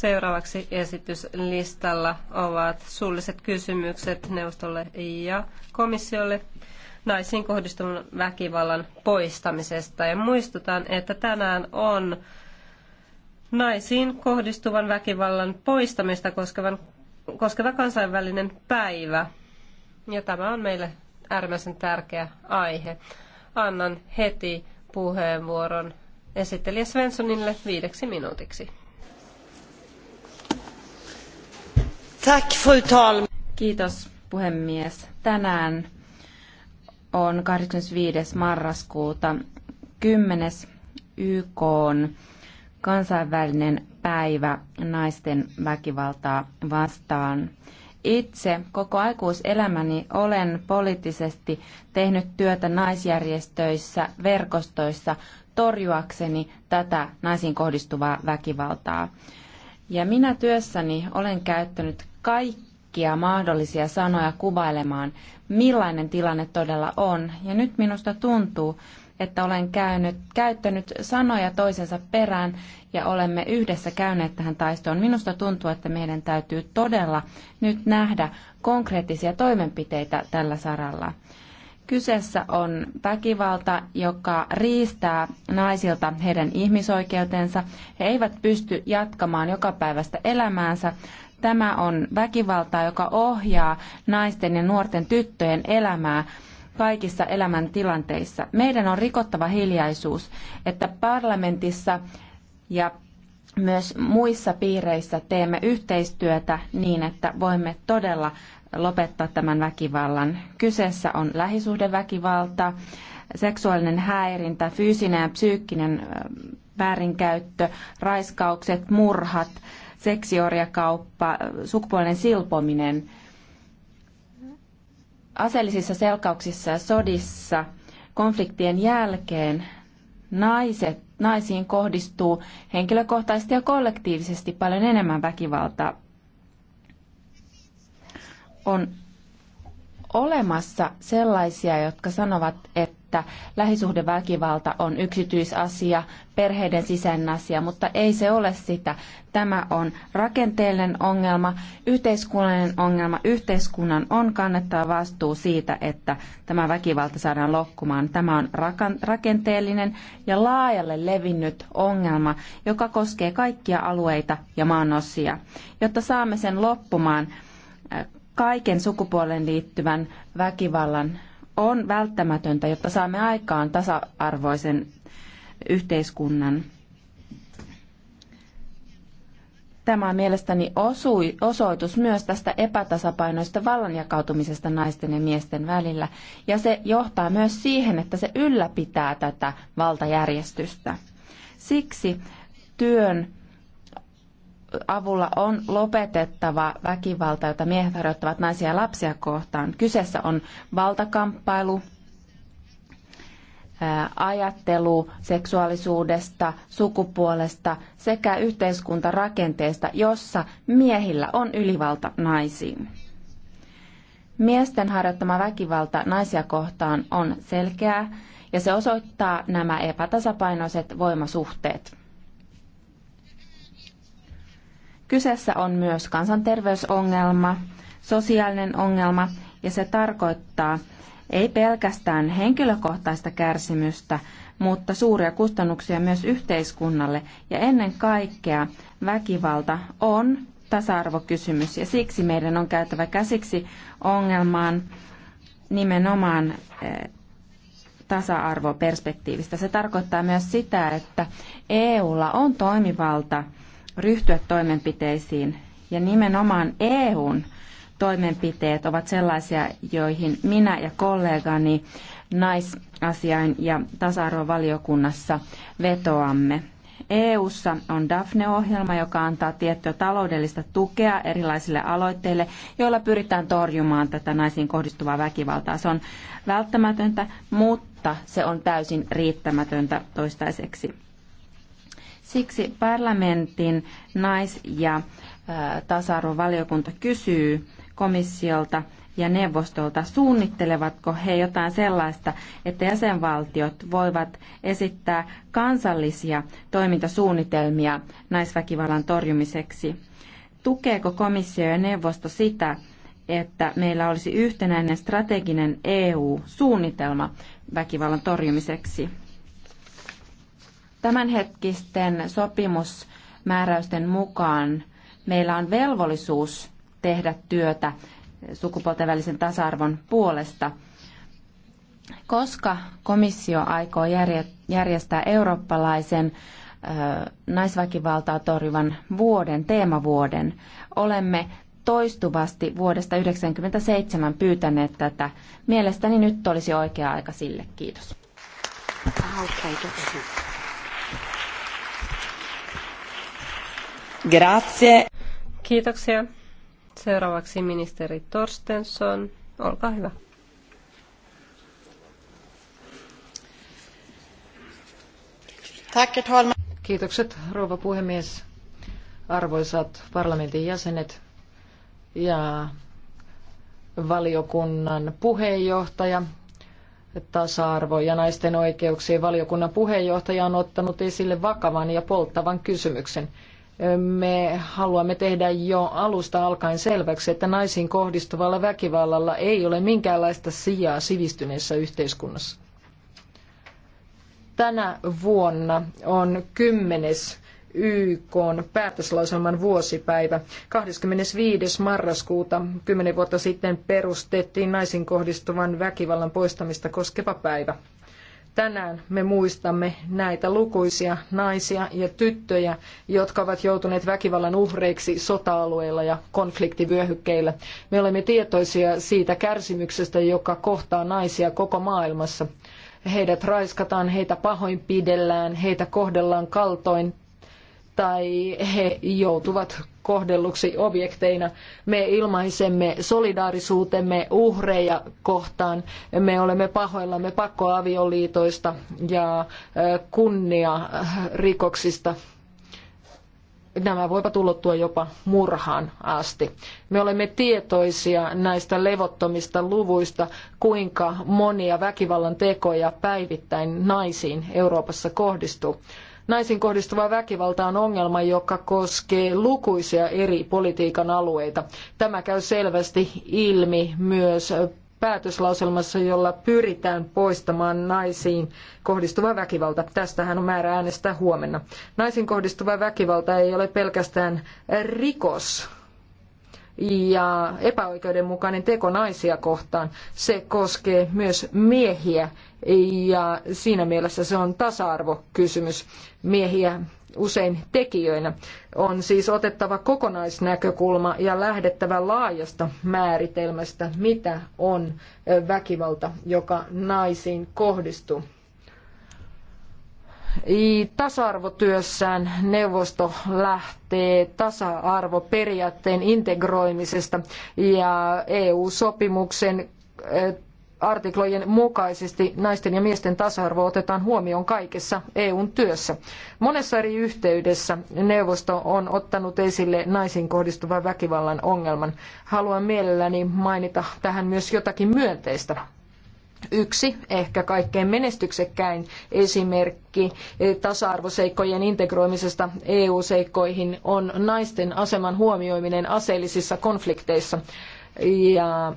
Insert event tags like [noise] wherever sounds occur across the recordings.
Seuraavaksi esityslistalla ovat suulliset kysymykset neuvostolle ja komissiolle naisiin kohdistuvan väkivallan poistamisesta. Ja muistutan, että tänään on naisiin kohdistuvan väkivallan poistamista koskevan, koskeva kansainvälinen päivä. Ja tämä on meille äärimmäisen tärkeä aihe. Annan heti puheenvuoron esittelijä Svenssonille viideksi minuutiksi. Tack, fru talman. Kiitos puhemies. Tänään on 25. marraskuuta 10. YK kansainvälinen päivä naisten väkivaltaa vastaan. Itse koko aikuiselämäni olen poliittisesti tehnyt työtä naisjärjestöissä, verkostoissa torjuakseni tätä naisiin kohdistuvaa väkivaltaa. Ja minä työssäni olen käyttänyt kaikkia mahdollisia sanoja kuvailemaan, millainen tilanne todella on. Ja nyt minusta tuntuu, että olen käynyt, käyttänyt sanoja toisensa perään ja olemme yhdessä käyneet tähän taistoon. Minusta tuntuu, että meidän täytyy todella nyt nähdä konkreettisia toimenpiteitä tällä saralla. Kyseessä on väkivalta, joka riistää naisilta heidän ihmisoikeutensa. He eivät pysty jatkamaan joka päivästä elämäänsä Tämä on väkivaltaa, joka ohjaa naisten ja nuorten tyttöjen elämää kaikissa elämäntilanteissa. Meidän on rikottava hiljaisuus, että parlamentissa ja myös muissa piireissä teemme yhteistyötä niin, että voimme todella lopettaa tämän väkivallan. Kyseessä on lähisuhdeväkivalta, seksuaalinen häirintä, fyysinen ja psyykkinen väärinkäyttö, raiskaukset, murhat, seksiorjakauppa, sukupuolinen silpominen, aseellisissa selkauksissa ja sodissa konfliktien jälkeen naiset, naisiin kohdistuu henkilökohtaisesti ja kollektiivisesti paljon enemmän väkivaltaa. On olemassa sellaisia, jotka sanovat, että lähisuhdeväkivalta on yksityisasia, perheiden sisäinen asia, mutta ei se ole sitä. Tämä on rakenteellinen ongelma, yhteiskunnallinen ongelma. Yhteiskunnan on kannettava vastuu siitä, että tämä väkivalta saadaan loppumaan. Tämä on rakenteellinen ja laajalle levinnyt ongelma, joka koskee kaikkia alueita ja maanosia. Jotta saamme sen loppumaan, kaiken sukupuolen liittyvän väkivallan on välttämätöntä, jotta saamme aikaan tasa-arvoisen yhteiskunnan. Tämä on mielestäni osui, osoitus myös tästä epätasapainoista vallanjakautumisesta naisten ja miesten välillä, ja se johtaa myös siihen, että se ylläpitää tätä valtajärjestystä. Siksi työn avulla on lopetettava väkivalta, jota miehet harjoittavat naisia ja lapsia kohtaan. Kyseessä on valtakamppailu, ajattelu seksuaalisuudesta, sukupuolesta sekä yhteiskuntarakenteesta, jossa miehillä on ylivalta naisiin. Miesten harjoittama väkivalta naisia kohtaan on selkeää ja se osoittaa nämä epätasapainoiset voimasuhteet. Kyseessä on myös kansanterveysongelma, sosiaalinen ongelma ja se tarkoittaa ei pelkästään henkilökohtaista kärsimystä, mutta suuria kustannuksia myös yhteiskunnalle ja ennen kaikkea väkivalta on tasa-arvokysymys ja siksi meidän on käytävä käsiksi ongelmaan nimenomaan eh, tasa-arvoperspektiivistä. Se tarkoittaa myös sitä, että EUlla on toimivalta ryhtyä toimenpiteisiin. Ja nimenomaan EUn toimenpiteet ovat sellaisia, joihin minä ja kollegani naisasiain ja tasa-arvovaliokunnassa vetoamme. EU:ssa on Daphne-ohjelma, joka antaa tiettyä taloudellista tukea erilaisille aloitteille, joilla pyritään torjumaan tätä naisiin kohdistuvaa väkivaltaa. Se on välttämätöntä, mutta se on täysin riittämätöntä toistaiseksi. Siksi parlamentin nais- ja tasa-arvovaliokunta kysyy komissiolta ja neuvostolta, suunnittelevatko he jotain sellaista, että jäsenvaltiot voivat esittää kansallisia toimintasuunnitelmia naisväkivallan torjumiseksi. Tukeeko komissio ja neuvosto sitä, että meillä olisi yhtenäinen strateginen EU-suunnitelma väkivallan torjumiseksi? Tämänhetkisten sopimusmääräysten mukaan meillä on velvollisuus tehdä työtä sukupuolten välisen tasa-arvon puolesta. Koska komissio aikoo järjestää eurooppalaisen naisväkivaltaa torjuvan vuoden, teemavuoden, olemme toistuvasti vuodesta 1997 pyytäneet tätä. Mielestäni nyt olisi oikea aika sille. Kiitos. Okay, Grazie. Kiitoksia. Seuraavaksi ministeri Torstensson. Olkaa hyvä. Kiitokset, rouva puhemies, arvoisat parlamentin jäsenet ja valiokunnan puheenjohtaja, tasa-arvo ja naisten oikeuksien valiokunnan puheenjohtaja on ottanut esille vakavan ja polttavan kysymyksen me haluamme tehdä jo alusta alkaen selväksi, että naisiin kohdistuvalla väkivallalla ei ole minkäänlaista sijaa sivistyneessä yhteiskunnassa. Tänä vuonna on kymmenes YK päätöslauselman vuosipäivä. 25. marraskuuta kymmenen vuotta sitten perustettiin naisin kohdistuvan väkivallan poistamista koskeva päivä. Tänään me muistamme näitä lukuisia naisia ja tyttöjä, jotka ovat joutuneet väkivallan uhreiksi sota-alueilla ja konfliktivyöhykkeillä. Me olemme tietoisia siitä kärsimyksestä, joka kohtaa naisia koko maailmassa. Heidät raiskataan, heitä pahoinpidellään, heitä kohdellaan kaltoin tai he joutuvat kohdelluksi objekteina. Me ilmaisemme solidaarisuutemme uhreja kohtaan. Me olemme pahoillamme pakkoavioliitoista ja kunniarikoksista. Äh, Nämä voivat ulottua jopa murhaan asti. Me olemme tietoisia näistä levottomista luvuista, kuinka monia väkivallan tekoja päivittäin naisiin Euroopassa kohdistuu. Naisiin kohdistuva väkivalta on ongelma, joka koskee lukuisia eri politiikan alueita. Tämä käy selvästi ilmi myös päätöslauselmassa, jolla pyritään poistamaan naisiin kohdistuva väkivalta. Tästähän on määrä äänestää huomenna. Naisiin kohdistuva väkivalta ei ole pelkästään rikos ja epäoikeudenmukainen teko naisia kohtaan. Se koskee myös miehiä ja siinä mielessä se on tasa-arvokysymys miehiä usein tekijöinä. On siis otettava kokonaisnäkökulma ja lähdettävä laajasta määritelmästä, mitä on väkivalta, joka naisiin kohdistuu. Tasa-arvotyössään neuvosto lähtee tasa-arvoperiaatteen integroimisesta ja EU-sopimuksen artiklojen mukaisesti naisten ja miesten tasa-arvo otetaan huomioon kaikessa EUn työssä. Monessa eri yhteydessä neuvosto on ottanut esille naisiin kohdistuvan väkivallan ongelman. Haluan mielelläni mainita tähän myös jotakin myönteistä. Yksi ehkä kaikkein menestyksekkäin esimerkki tasa-arvoseikkojen integroimisesta EU-seikkoihin on naisten aseman huomioiminen aseellisissa konflikteissa. Ja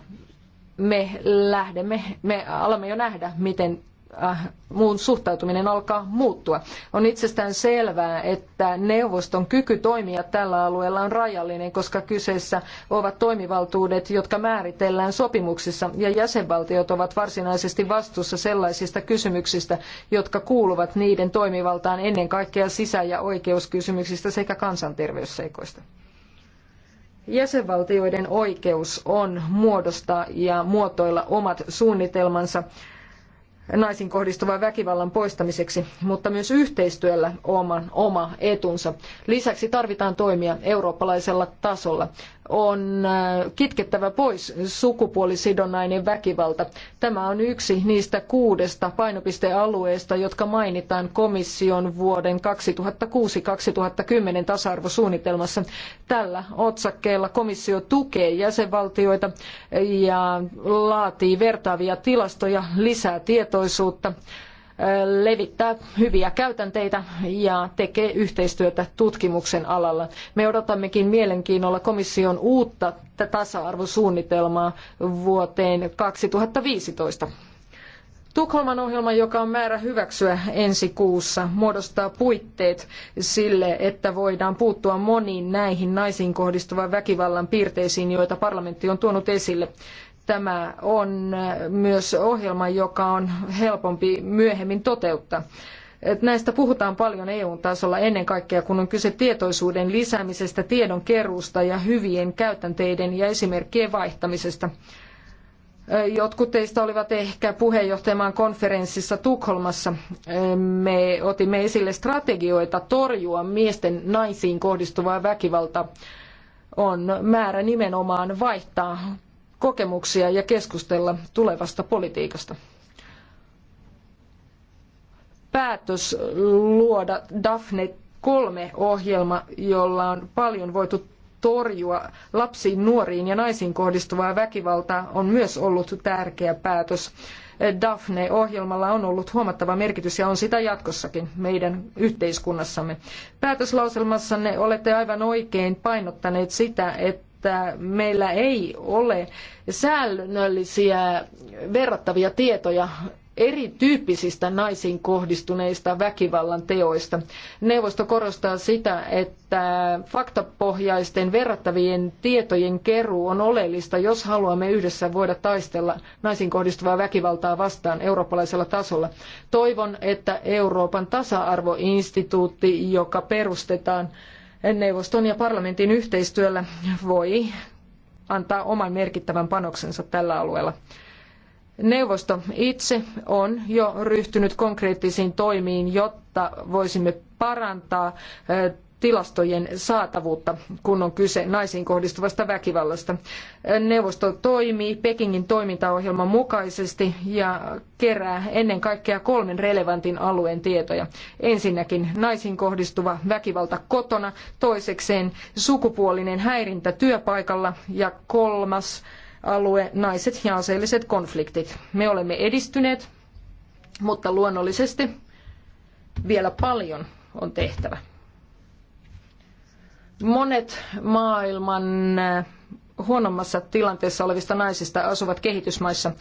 me lähdemme, me alamme jo nähdä, miten äh, muun suhtautuminen alkaa muuttua. On itsestään selvää, että neuvoston kyky toimia tällä alueella on rajallinen, koska kyseessä ovat toimivaltuudet, jotka määritellään sopimuksissa, ja jäsenvaltiot ovat varsinaisesti vastuussa sellaisista kysymyksistä, jotka kuuluvat niiden toimivaltaan ennen kaikkea sisä- ja oikeuskysymyksistä sekä kansanterveysseikoista jäsenvaltioiden oikeus on muodostaa ja muotoilla omat suunnitelmansa naisiin kohdistuvan väkivallan poistamiseksi, mutta myös yhteistyöllä oman oma etunsa. Lisäksi tarvitaan toimia eurooppalaisella tasolla on äh, kitkettävä pois sukupuolisidonnainen väkivalta. Tämä on yksi niistä kuudesta painopistealueesta, jotka mainitaan komission vuoden 2006-2010 tasa-arvosuunnitelmassa. Tällä otsakkeella komissio tukee jäsenvaltioita ja laatii vertaavia tilastoja, lisää tietoisuutta levittää hyviä käytänteitä ja tekee yhteistyötä tutkimuksen alalla. Me odotammekin mielenkiinnolla komission uutta tasa-arvosuunnitelmaa vuoteen 2015. Tukholman ohjelma, joka on määrä hyväksyä ensi kuussa, muodostaa puitteet sille, että voidaan puuttua moniin näihin naisiin kohdistuvan väkivallan piirteisiin, joita parlamentti on tuonut esille. Tämä on myös ohjelma, joka on helpompi myöhemmin toteuttaa. Näistä puhutaan paljon EU-tasolla ennen kaikkea, kun on kyse tietoisuuden lisäämisestä, tiedon keruusta ja hyvien käytänteiden ja esimerkkien vaihtamisesta. Jotkut teistä olivat ehkä puheenjohtajamaan konferenssissa Tukholmassa. Me otimme esille strategioita torjua miesten naisiin kohdistuvaa väkivaltaa. On määrä nimenomaan vaihtaa kokemuksia ja keskustella tulevasta politiikasta. Päätös luoda Daphne 3-ohjelma, jolla on paljon voitu torjua lapsiin, nuoriin ja naisiin kohdistuvaa väkivaltaa, on myös ollut tärkeä päätös. Daphne-ohjelmalla on ollut huomattava merkitys ja on sitä jatkossakin meidän yhteiskunnassamme. Päätöslauselmassanne olette aivan oikein painottaneet sitä, että että meillä ei ole säännöllisiä verrattavia tietoja erityyppisistä naisiin kohdistuneista väkivallan teoista. Neuvosto korostaa sitä, että faktapohjaisten verrattavien tietojen keruu on oleellista, jos haluamme yhdessä voida taistella naisiin kohdistuvaa väkivaltaa vastaan eurooppalaisella tasolla. Toivon, että Euroopan tasa-arvoinstituutti, joka perustetaan neuvoston ja parlamentin yhteistyöllä voi antaa oman merkittävän panoksensa tällä alueella. Neuvosto itse on jo ryhtynyt konkreettisiin toimiin, jotta voisimme parantaa tilastojen saatavuutta, kun on kyse naisiin kohdistuvasta väkivallasta. Neuvosto toimii Pekingin toimintaohjelman mukaisesti ja kerää ennen kaikkea kolmen relevantin alueen tietoja. Ensinnäkin naisiin kohdistuva väkivalta kotona, toisekseen sukupuolinen häirintä työpaikalla ja kolmas alue naiset ja aseelliset konfliktit. Me olemme edistyneet, mutta luonnollisesti vielä paljon on tehtävä. Monet maailman eh, huonommassa tilanteessa olevista naisista asuvat kehitysmaissa.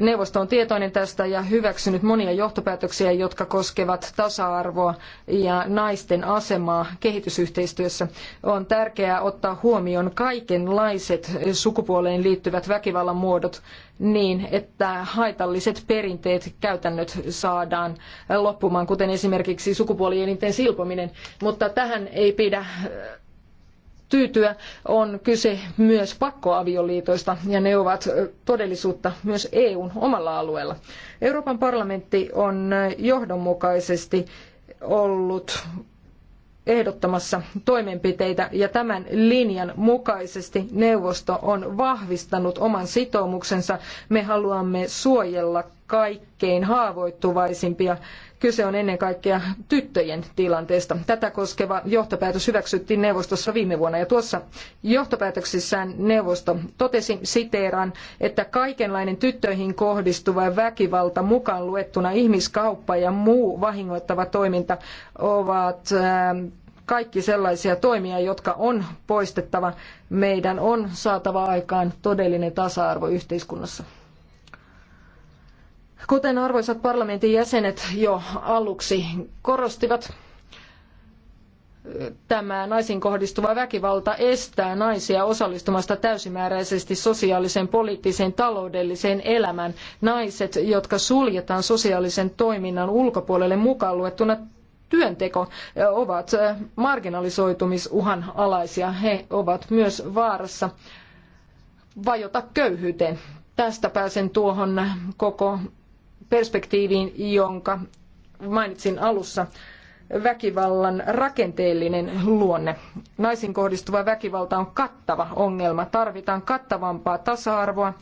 Neuvosto on tietoinen tästä ja hyväksynyt monia johtopäätöksiä, jotka koskevat tasa-arvoa ja naisten asemaa kehitysyhteistyössä. On tärkeää ottaa huomioon kaikenlaiset sukupuoleen liittyvät väkivallan muodot niin, että haitalliset perinteet, käytännöt saadaan loppumaan, kuten esimerkiksi sukupuolielinten silpominen. Mutta tähän ei pidä eh, tyytyä, on kyse myös pakkoavioliitoista ja ne ovat todellisuutta myös EUn omalla alueella. Euroopan parlamentti on johdonmukaisesti ollut ehdottamassa toimenpiteitä ja tämän linjan mukaisesti neuvosto on vahvistanut oman sitoumuksensa. Me haluamme suojella kaikkein haavoittuvaisimpia Kyse on ennen kaikkea tyttöjen tilanteesta. Tätä koskeva johtopäätös hyväksyttiin neuvostossa viime vuonna ja tuossa johtopäätöksissään neuvosto totesi siteeraan, että kaikenlainen tyttöihin kohdistuva väkivalta mukaan luettuna ihmiskauppa ja muu vahingoittava toiminta ovat kaikki sellaisia toimia, jotka on poistettava. Meidän on saatava aikaan todellinen tasa-arvo yhteiskunnassa. Kuten arvoisat parlamentin jäsenet jo aluksi korostivat, tämä naisiin kohdistuva väkivalta estää naisia osallistumasta täysimääräisesti sosiaaliseen, poliittiseen, taloudelliseen elämään. Naiset, jotka suljetaan sosiaalisen toiminnan ulkopuolelle mukaan luettuna työnteko, ovat marginalisoitumisuhan alaisia. He ovat myös vaarassa vajota köyhyyteen. Tästä pääsen tuohon koko perspektiiviin, jonka mainitsin alussa väkivallan rakenteellinen luonne. Naisiin kohdistuva väkivalta on kattava ongelma. Tarvitaan kattavampaa tasa-arvoa,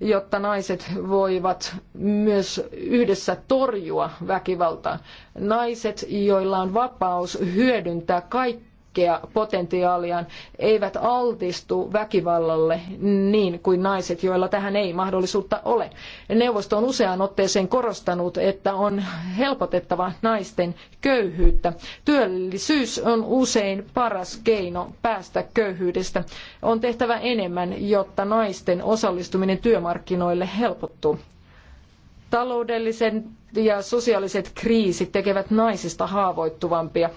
jotta naiset voivat myös yhdessä torjua väkivaltaa. Naiset, joilla on vapaus hyödyntää kaikki kaikkea potentiaaliaan, eivät altistu väkivallalle niin kuin naiset, joilla tähän ei mahdollisuutta ole. Neuvosto on useaan otteeseen korostanut, että on helpotettava naisten köyhyyttä. Työllisyys on usein paras keino päästä köyhyydestä. On tehtävä enemmän, jotta naisten osallistuminen työmarkkinoille helpottuu. Taloudelliset ja sosiaaliset kriisit tekevät naisista haavoittuvampia.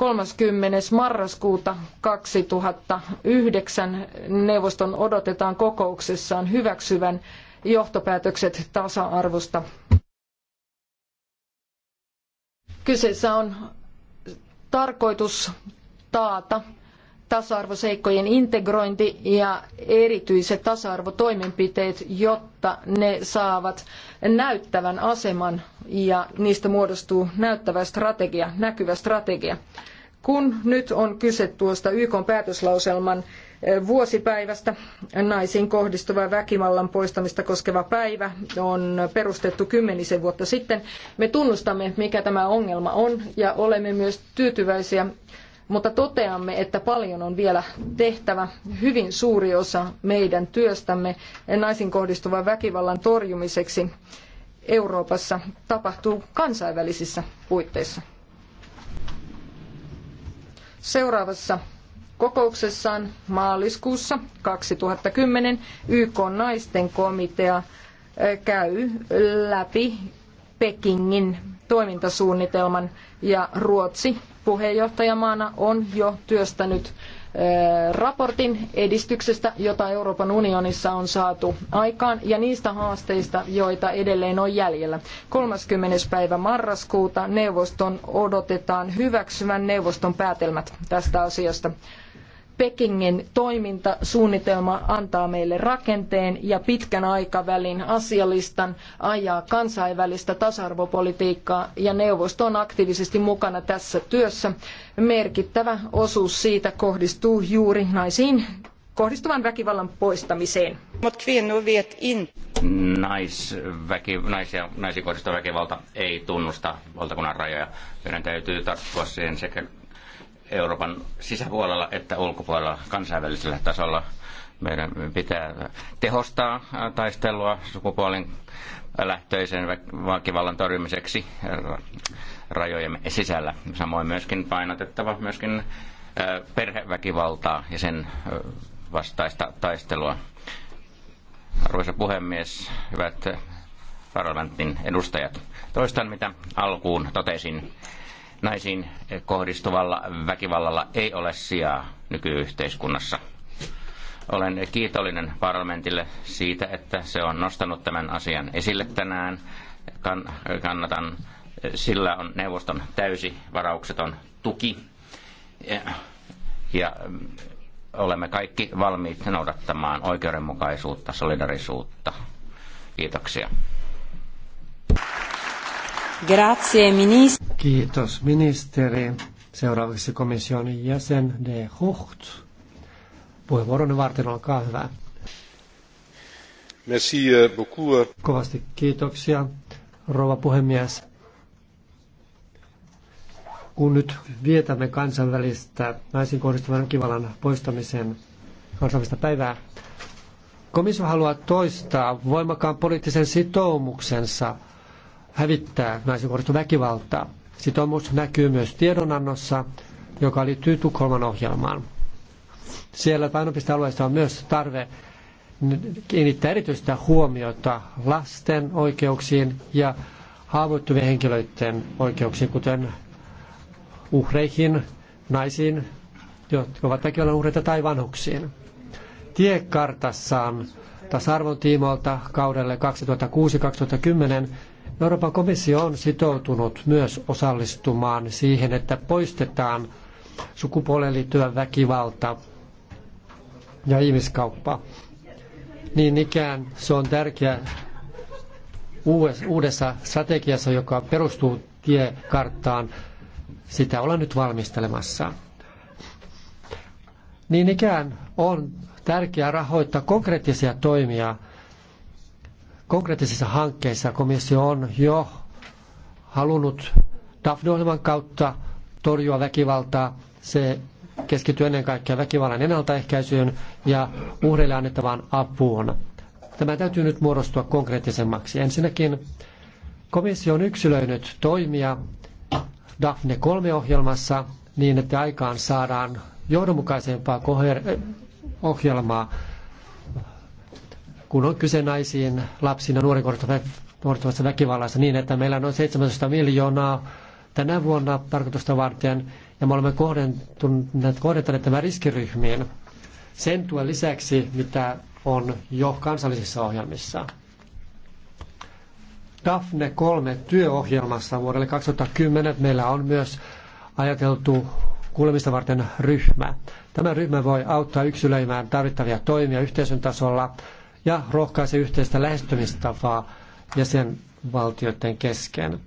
30. marraskuuta 2009 neuvoston odotetaan kokouksessaan hyväksyvän johtopäätökset tasa-arvosta. Kyseessä on tarkoitus taata tasa-arvoseikkojen integrointi ja erityiset tasa-arvotoimenpiteet, jotta ne saavat näyttävän aseman ja niistä muodostuu näyttävä strategia, näkyvä strategia. Kun nyt on kyse tuosta YK päätöslauselman eh, vuosipäivästä, naisiin kohdistuvan väkivallan poistamista koskeva päivä on perustettu kymmenisen vuotta sitten. Me tunnustamme, mikä tämä ongelma on ja olemme myös tyytyväisiä mutta toteamme, että paljon on vielä tehtävä. Hyvin suuri osa meidän työstämme naisin kohdistuvan väkivallan torjumiseksi Euroopassa tapahtuu kansainvälisissä puitteissa. Seuraavassa kokouksessaan maaliskuussa 2010 YK naisten komitea käy läpi Pekingin toimintasuunnitelman ja Ruotsi puheenjohtajamaana on jo työstänyt eh, raportin edistyksestä, jota Euroopan unionissa on saatu aikaan ja niistä haasteista, joita edelleen on jäljellä. 30. päivä marraskuuta neuvoston odotetaan hyväksyvän neuvoston päätelmät tästä asiasta. Pekingin toimintasuunnitelma antaa meille rakenteen ja pitkän aikavälin asialistan ajaa kansainvälistä tasa-arvopolitiikkaa ja neuvosto on aktiivisesti mukana tässä työssä. Merkittävä osuus siitä kohdistuu juuri naisiin kohdistuvan väkivallan poistamiseen. Naisväki, naisia, naisiin kohdistuva väkivalta ei tunnusta valtakunnan rajoja. Meidän täytyy tarttua siihen sekä Euroopan sisäpuolella että ulkopuolella kansainvälisellä tasolla. Meidän pitää tehostaa äh, taistelua sukupuolen lähtöisen väkivallan torjumiseksi rajojen sisällä. Samoin myöskin painotettava myöskin äh, perheväkivaltaa ja sen äh, vastaista taistelua. Arvoisa puhemies, hyvät parlamentin edustajat, toistan mitä alkuun totesin Naisiin kohdistuvalla väkivallalla ei ole sijaa nykyyhteiskunnassa. Olen kiitollinen parlamentille siitä, että se on nostanut tämän asian esille tänään. kannatan, sillä on neuvoston täysi varaukseton tuki. Ja, ja mm, olemme kaikki valmiit noudattamaan oikeudenmukaisuutta, solidarisuutta. Kiitoksia. Grazie, ministeri. Kiitos, ministeri. Seuraavaksi komission jäsen De Hucht. Puheenvuoron varten, olkaa hyvä. Merci euh, beaucoup. Euh. Kovasti kiitoksia, rouva puhemies. Kun nyt vietämme kansainvälistä naisiin kohdistuvan kivalan poistamisen kansainvälistä päivää, komissio haluaa toistaa voimakkaan poliittisen sitoumuksensa – hävittää naisen kohdistu väkivaltaa. Sitoumus näkyy myös tiedonannossa, joka liittyy Tukholman ohjelmaan. Siellä painopistealueessa on myös tarve kiinnittää erityistä huomiota lasten oikeuksiin ja haavoittuvien henkilöiden oikeuksiin, kuten uhreihin, naisiin, jotka ovat väkivallan uhreita tai vanhuksiin. Tiekartassaan tasa-arvon tiimoilta kaudelle 2006-2010 Euroopan komissio on sitoutunut myös osallistumaan siihen, että poistetaan sukupuoleen liittyvä väkivalta ja ihmiskauppa. Niin ikään se on tärkeä uudessa strategiassa, joka perustuu tiekarttaan. Sitä ollaan nyt valmistelemassa. Niin ikään on tärkeää rahoittaa konkreettisia toimia konkreettisissa hankkeissa komissio on jo halunnut daphne ohjelman kautta torjua väkivaltaa. Se keskittyy ennen kaikkea väkivallan ennaltaehkäisyyn ja uhreille annettavaan apuun. Tämä täytyy nyt muodostua konkreettisemmaksi. Ensinnäkin komissio on yksilöinyt toimia DAFNE 3-ohjelmassa niin, että aikaan saadaan johdonmukaisempaa ohjelmaa kun on kyse naisiin, lapsiin ja nuorin väkivallasta niin, että meillä on noin 17 miljoonaa tänä vuonna tarkoitusta varten, ja me olemme kohdentaneet, tämän riskiryhmiin sen tuen lisäksi, mitä on jo kansallisissa ohjelmissa. DAFNE 3 työohjelmassa vuodelle 2010 meillä on myös ajateltu kuulemista varten ryhmä. Tämä ryhmä voi auttaa yksilöimään tarvittavia toimia yhteisön tasolla ja rohkaise yhteistä lähestymistapaa jäsenvaltioiden kesken.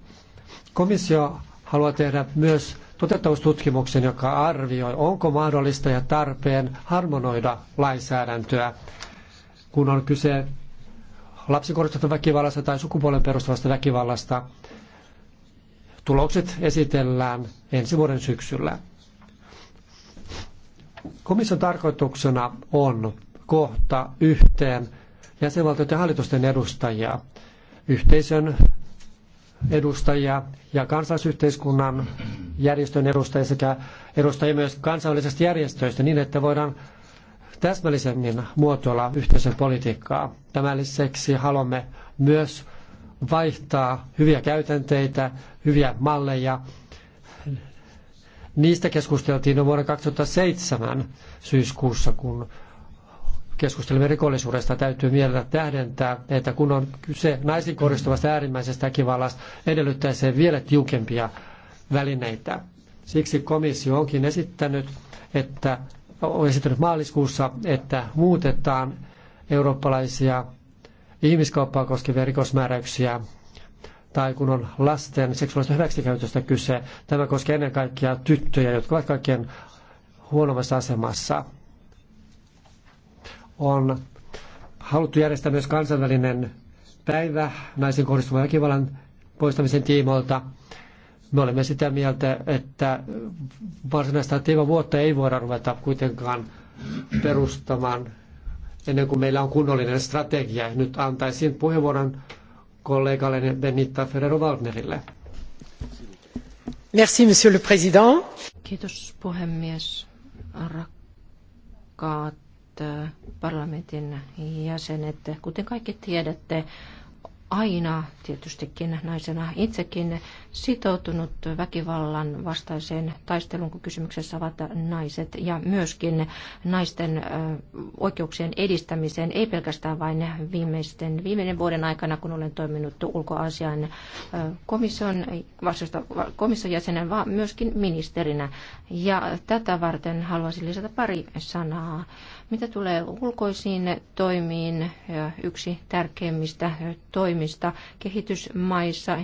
Komissio haluaa tehdä myös toteuttavuustutkimuksen, joka arvioi, onko mahdollista ja tarpeen harmonoida lainsäädäntöä, kun on kyse lapsikorostetusta väkivallasta tai sukupuolen perustuvasta väkivallasta. Tulokset esitellään ensi vuoden syksyllä. Komission tarkoituksena on kohta yhteen jäsenvaltioiden hallitusten edustajia, yhteisön edustajia ja kansalaisyhteiskunnan järjestön edustajia sekä edustajia myös kansainvälisistä järjestöistä niin, että voidaan täsmällisemmin muotoilla yhteisön politiikkaa. Tämän lisäksi haluamme myös vaihtaa hyviä käytänteitä, hyviä malleja. Niistä keskusteltiin jo vuonna 2007 syyskuussa, kun keskustelemme rikollisuudesta, täytyy vielä tähdentää, että kun on kyse naisiin kohdistuvasta äärimmäisestä väkivallasta, edellyttää se vielä tiukempia välineitä. Siksi komissio onkin esittänyt, että on esittänyt maaliskuussa, että muutetaan eurooppalaisia ihmiskauppaa koskevia rikosmääräyksiä tai kun on lasten seksuaalista hyväksikäytöstä kyse. Tämä koskee ennen kaikkea tyttöjä, jotka ovat kaikkein huonommassa asemassa on haluttu järjestää myös kansainvälinen päivä naisen kohdistuvan väkivallan poistamisen tiimoilta. Me olemme sitä mieltä, että varsinaista vuotta ei voida ruveta kuitenkaan perustamaan ennen kuin meillä on kunnollinen strategia. Nyt antaisin puheenvuoron kollegalle Benita Ferrero-Waldnerille. Merci, monsieur le président. Kiitos puhemies. Rakkaat Äh, parlamentin jäsenet, kuten kaikki tiedätte, aina tietystikin naisena itsekin sitoutunut väkivallan vastaiseen taisteluun, kun kysymyksessä ovat naiset ja myöskin naisten oikeuksien edistämiseen, ei pelkästään vain viimeisten, viimeinen vuoden aikana, kun olen toiminut ulkoasian komission, komission jäsenen, vaan myöskin ministerinä. Ja tätä varten haluaisin lisätä pari sanaa. Mitä tulee ulkoisiin toimiin, yksi tärkeimmistä toimista kehitysmaissa,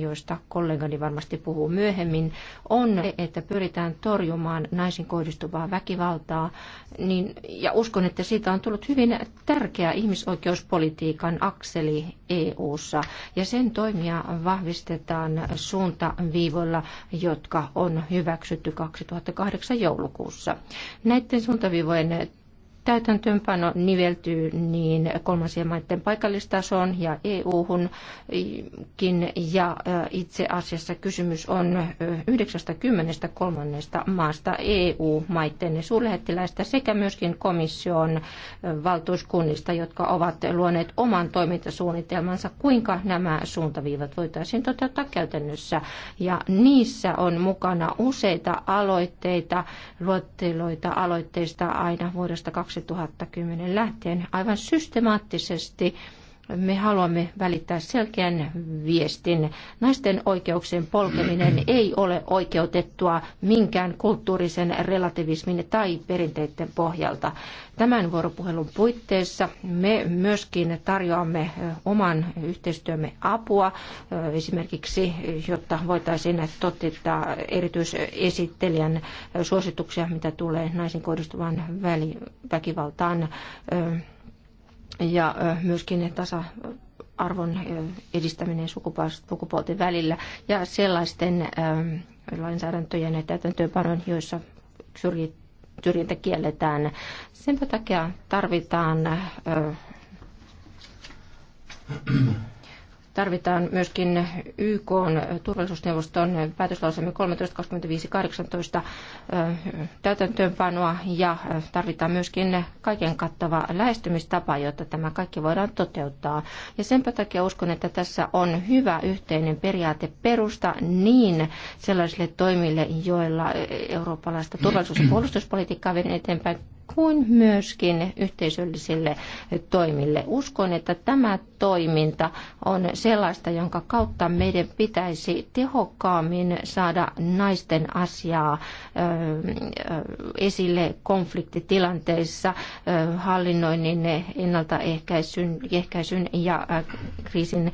joista kollega kollegani varmasti puhuu myöhemmin, on, että pyritään torjumaan naisin kohdistuvaa väkivaltaa. Niin, ja uskon, että siitä on tullut hyvin tärkeä ihmisoikeuspolitiikan akseli EU:ssa ja sen toimia vahvistetaan suuntaviivoilla, jotka on hyväksytty 2008 joulukuussa. Näiden suuntaviivojen täytäntöönpano niveltyy niin kolmansien maiden paikallistasoon ja EU-hunkin. Ja itse asiassa kysymys on 90 kolmannesta maasta EU-maiden suurlähettiläistä sekä myöskin komission valtuuskunnista, jotka ovat luoneet oman toimintasuunnitelmansa, kuinka nämä suuntaviivat voitaisiin toteuttaa käytännössä. Ja niissä on mukana useita aloitteita, luotteloita aloitteista aina vuodesta 2000 2010 lähtien aivan systemaattisesti me haluamme välittää selkeän viestin. Naisten oikeuksien polkeminen [clears throat] ei ole oikeutettua minkään kulttuurisen relativismin tai perinteiden pohjalta. Tämän vuoropuhelun puitteissa me myöskin tarjoamme oman yhteistyömme apua, esimerkiksi jotta voitaisiin toteuttaa erityisesittelijän suosituksia, mitä tulee naisiin kohdistuvaan väkivaltaan ja myöskin tasa arvon edistäminen sukupuolten välillä ja sellaisten lainsäädäntöjen ja täytäntöönpanon, joissa syrjintä kielletään. Sen takia tarvitaan Tarvitaan myöskin YK turvallisuusneuvoston päätöslauselmi 132518 täytäntöönpanoa ja tarvitaan myöskin kaiken kattava lähestymistapa, jotta tämä kaikki voidaan toteuttaa. Ja senpä takia uskon, että tässä on hyvä yhteinen periaate perusta niin sellaisille toimille, joilla eurooppalaista turvallisuus- ja puolustuspolitiikkaa viedään eteenpäin, kuin myöskin yhteisöllisille toimille. Uskon, että tämä toiminta on sellaista, jonka kautta meidän pitäisi tehokkaammin saada naisten asiaa esille konfliktitilanteissa, hallinnoinnin, ennaltaehkäisyn ja kriisin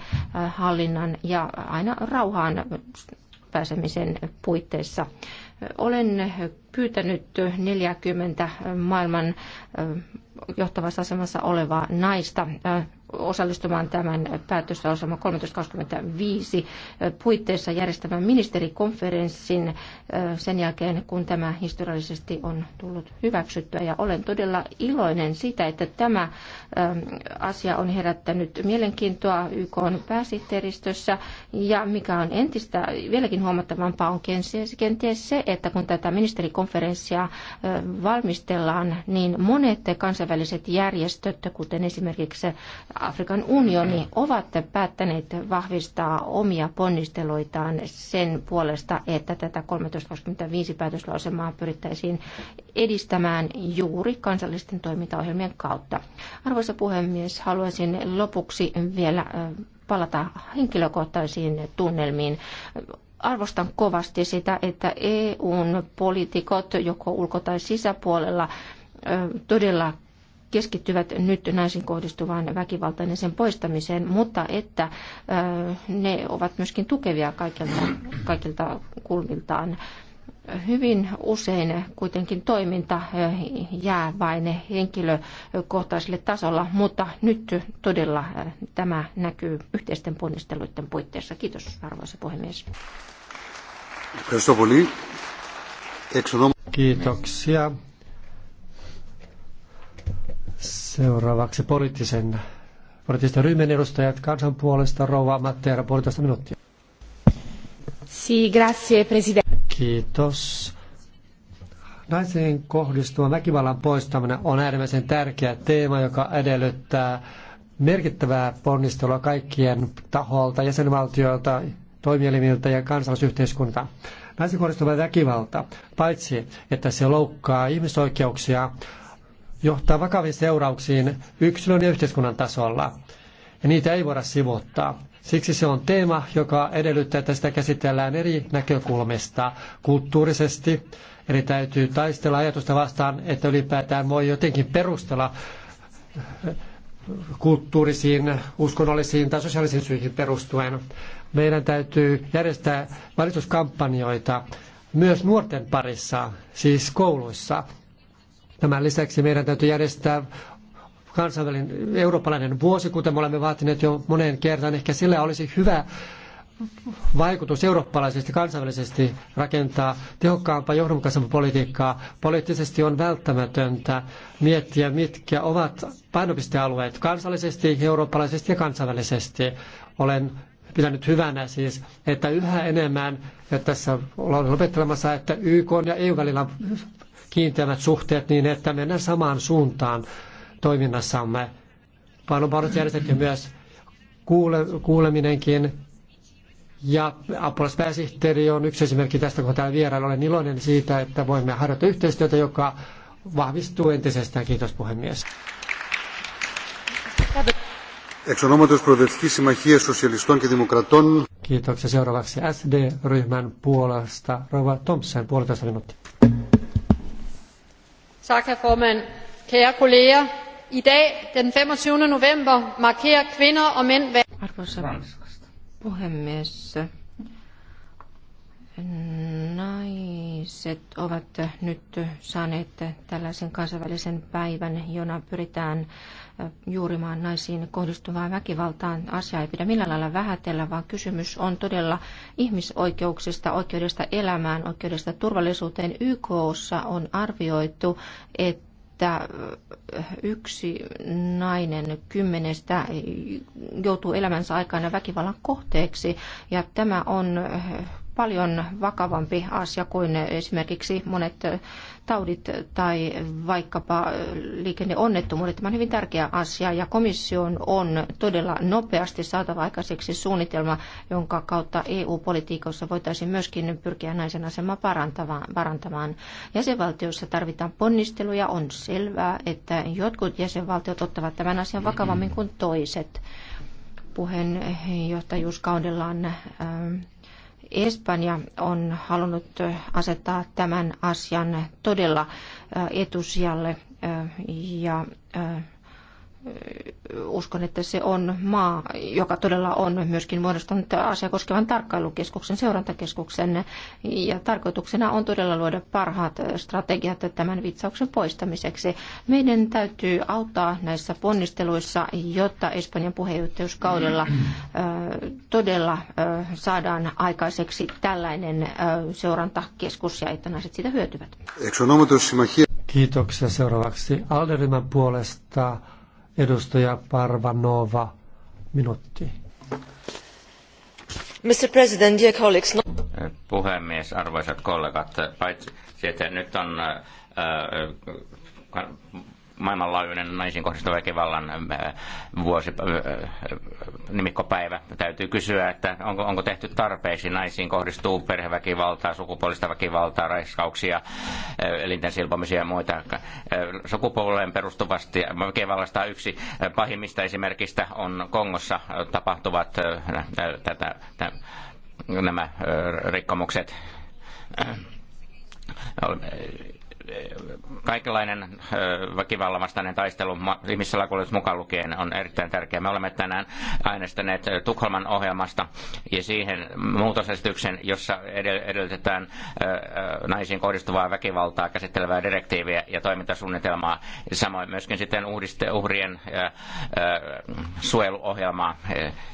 hallinnan ja aina rauhaan pääsemisen puitteissa. Olen pyytänyt 40 maailman johtavassa asemassa olevaa naista osallistumaan tämän päätöslauselman 1325 puitteissa järjestämään ministerikonferenssin sen jälkeen, kun tämä historiallisesti on tullut hyväksyttyä. Ja olen todella iloinen siitä, että tämä asia on herättänyt mielenkiintoa YK pääsihteeristössä. Ja mikä on entistä vieläkin huomattavampaa on kenties se, että kun tätä ministerikonferenssia valmistellaan, niin monet kansainväliset järjestöt, kuten esimerkiksi Afrikan unioni ovat päättäneet vahvistaa omia ponnisteluitaan sen puolesta, että tätä 1325 päätöslausemaa pyrittäisiin edistämään juuri kansallisten toimintaohjelmien kautta. Arvoisa puhemies, haluaisin lopuksi vielä palata henkilökohtaisiin tunnelmiin arvostan kovasti sitä, että EUn poliitikot joko ulko- tai sisäpuolella todella keskittyvät nyt naisiin kohdistuvaan väkivaltaan ja sen poistamiseen, mutta että ne ovat myöskin tukevia kaikilta, kaikilta kulmiltaan hyvin usein kuitenkin toiminta jää vain henkilökohtaiselle tasolla, mutta nyt todella tämä näkyy yhteisten ponnisteluiden puitteissa. Kiitos arvoisa puhemies. Kiitoksia. Seuraavaksi poliittisen, poliittisten ryhmien edustajat kansan puolesta. Rouva Matteera, puolitoista minuuttia. Si, grazie, president. Kiitos. Naisiin kohdistuvan väkivallan poistaminen on äärimmäisen tärkeä teema, joka edellyttää merkittävää ponnistelua kaikkien taholta, jäsenvaltioilta, toimielimiltä ja kansalaisyhteiskunta. Naisiin kohdistuva väkivalta, paitsi että se loukkaa ihmisoikeuksia, johtaa vakaviin seurauksiin yksilön ja yhteiskunnan tasolla. Ja niitä ei voida sivuuttaa. Siksi se on teema, joka edellyttää, että sitä käsitellään eri näkökulmista kulttuurisesti. Eli täytyy taistella ajatusta vastaan, että ylipäätään voi jotenkin perustella kulttuurisiin, uskonnollisiin tai sosiaalisiin syihin perustuen. Meidän täytyy järjestää valituskampanjoita myös nuorten parissa, siis kouluissa. Tämän lisäksi meidän täytyy järjestää kansainvälinen eurooppalainen vuosi, kuten me olemme vaatineet jo moneen kertaan. Ehkä sillä olisi hyvä vaikutus eurooppalaisesti kansainvälisesti rakentaa tehokkaampaa johdonmukaisempaa politiikkaa. Poliittisesti on välttämätöntä miettiä, mitkä ovat painopistealueet kansallisesti, eurooppalaisesti ja kansainvälisesti. Olen pitänyt hyvänä siis, että yhä enemmän, ja tässä ollaan lopettelemassa, että YK ja EU välillä on kiinteämmät suhteet niin, että mennään samaan suuntaan toiminnassamme. Paljon on paljon järjestetty myös kuule, kuuleminenkin. Ja apulaispääsihteeri on yksi esimerkki tästä, kun täällä vierailla olen iloinen siitä, että voimme harjoittaa yhteistyötä, joka vahvistuu entisestään. Kiitos puhemies. Kiitoksia seuraavaksi SD-ryhmän puolesta. Rova Thompson, puolitoista minuuttia. Kære kolleger, i dag den 25. november markerer kvinder og mænd Arvoisa puhemies, naiset ovat nyt saaneet tällaisen kansainvälisen päivän, jona pyritään juurimaan naisiin kohdistuvaan väkivaltaan. Asia ei pidä millään lailla vähätellä, vaan kysymys on todella ihmisoikeuksista, oikeudesta elämään, oikeudesta turvallisuuteen. YKssa on arvioitu, että että yksi nainen kymmenestä joutuu elämänsä aikana väkivallan kohteeksi. Ja tämä on paljon vakavampi asia kuin esimerkiksi monet taudit tai vaikkapa liikenneonnettomuudet. Tämä on hyvin tärkeä asia ja komission on todella nopeasti saatava aikaiseksi suunnitelma, jonka kautta EU-politiikossa voitaisiin myöskin pyrkiä naisen asemaa parantamaan. Jäsenvaltioissa tarvitaan ponnisteluja. On selvää, että jotkut jäsenvaltiot ottavat tämän asian vakavammin kuin toiset puheenjohtajuuskaudellaan ähm, Espanja on halunnut asettaa tämän asian todella etusijalle ja uskon, että se on maa, joka todella on myöskin muodostanut asia koskevan tarkkailukeskuksen, seurantakeskuksen, ja tarkoituksena on todella luoda parhaat strategiat tämän vitsauksen poistamiseksi. Meidän täytyy auttaa näissä ponnisteluissa, jotta Espanjan puheenjohtajuuskaudella todella saadaan aikaiseksi tällainen seurantakeskus ja että naiset siitä hyötyvät. Kiitoksia seuraavaksi Alderyhmän puolesta Edustaja Parvanova, minuutti. Mr. President, dear colleagues, no... Puhemies, arvoisat kollegat, paitsi että nyt on äh, äh maailmanlaajuinen naisiin kohdistuvan väkivallan vuosi, Täytyy kysyä, että onko, onko tehty tarpeeksi. Naisiin kohdistuu perheväkivaltaa, sukupuolista väkivaltaa, raiskauksia, elinten silpomisia ja muita. Sukupuoleen perustuvasti väkivallasta yksi pahimmista esimerkistä on Kongossa tapahtuvat tätä, tätä, nämä rikkomukset kaikenlainen väkivallanvastainen taistelu, ihmissalakuljetus mukaan lukien, on erittäin tärkeä. Me olemme tänään äänestäneet Tukholman ohjelmasta ja siihen muutosesityksen, jossa edellytetään naisiin kohdistuvaa väkivaltaa käsittelevää direktiiviä ja toimintasuunnitelmaa. Samoin myöskin sitten uhrien suojeluohjelmaa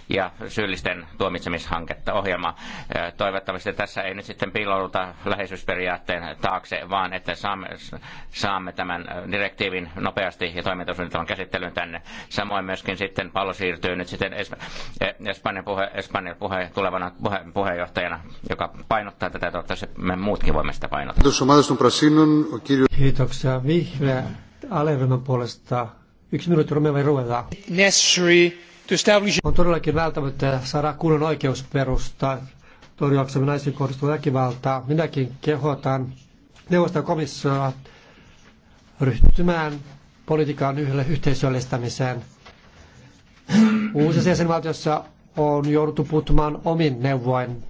ja syyllisten tuomitsemishanketta ohjelmaa. Toivottavasti tässä ei nyt sitten piilouduta läheisyysperiaatteen taakse, vaan että saamme saamme, saamme tämän direktiivin nopeasti ja toimintasuunnitelman käsittelyyn tänne. Samoin myöskin sitten pallo siirtyy nyt sitten e- Espanjan, puhe, Espanjan puhe, tulevana puhe, puheenjohtajana, joka painottaa tätä. Toivottavasti me muutkin voimme sitä painottaa. Kiitoksia vihreä aleryhmän puolesta. Yksi minuutti to establish. On todellakin välttämättä saada kunnon oikeusperusta torjuaksemme naisiin kohdistuvaa väkivaltaa. Minäkin kehotan neuvoston komissioa ryhtymään politiikan yhdelle yhteisöllistämiseen. Uusissa jäsenvaltiossa on jouduttu puuttumaan omin neuvoin.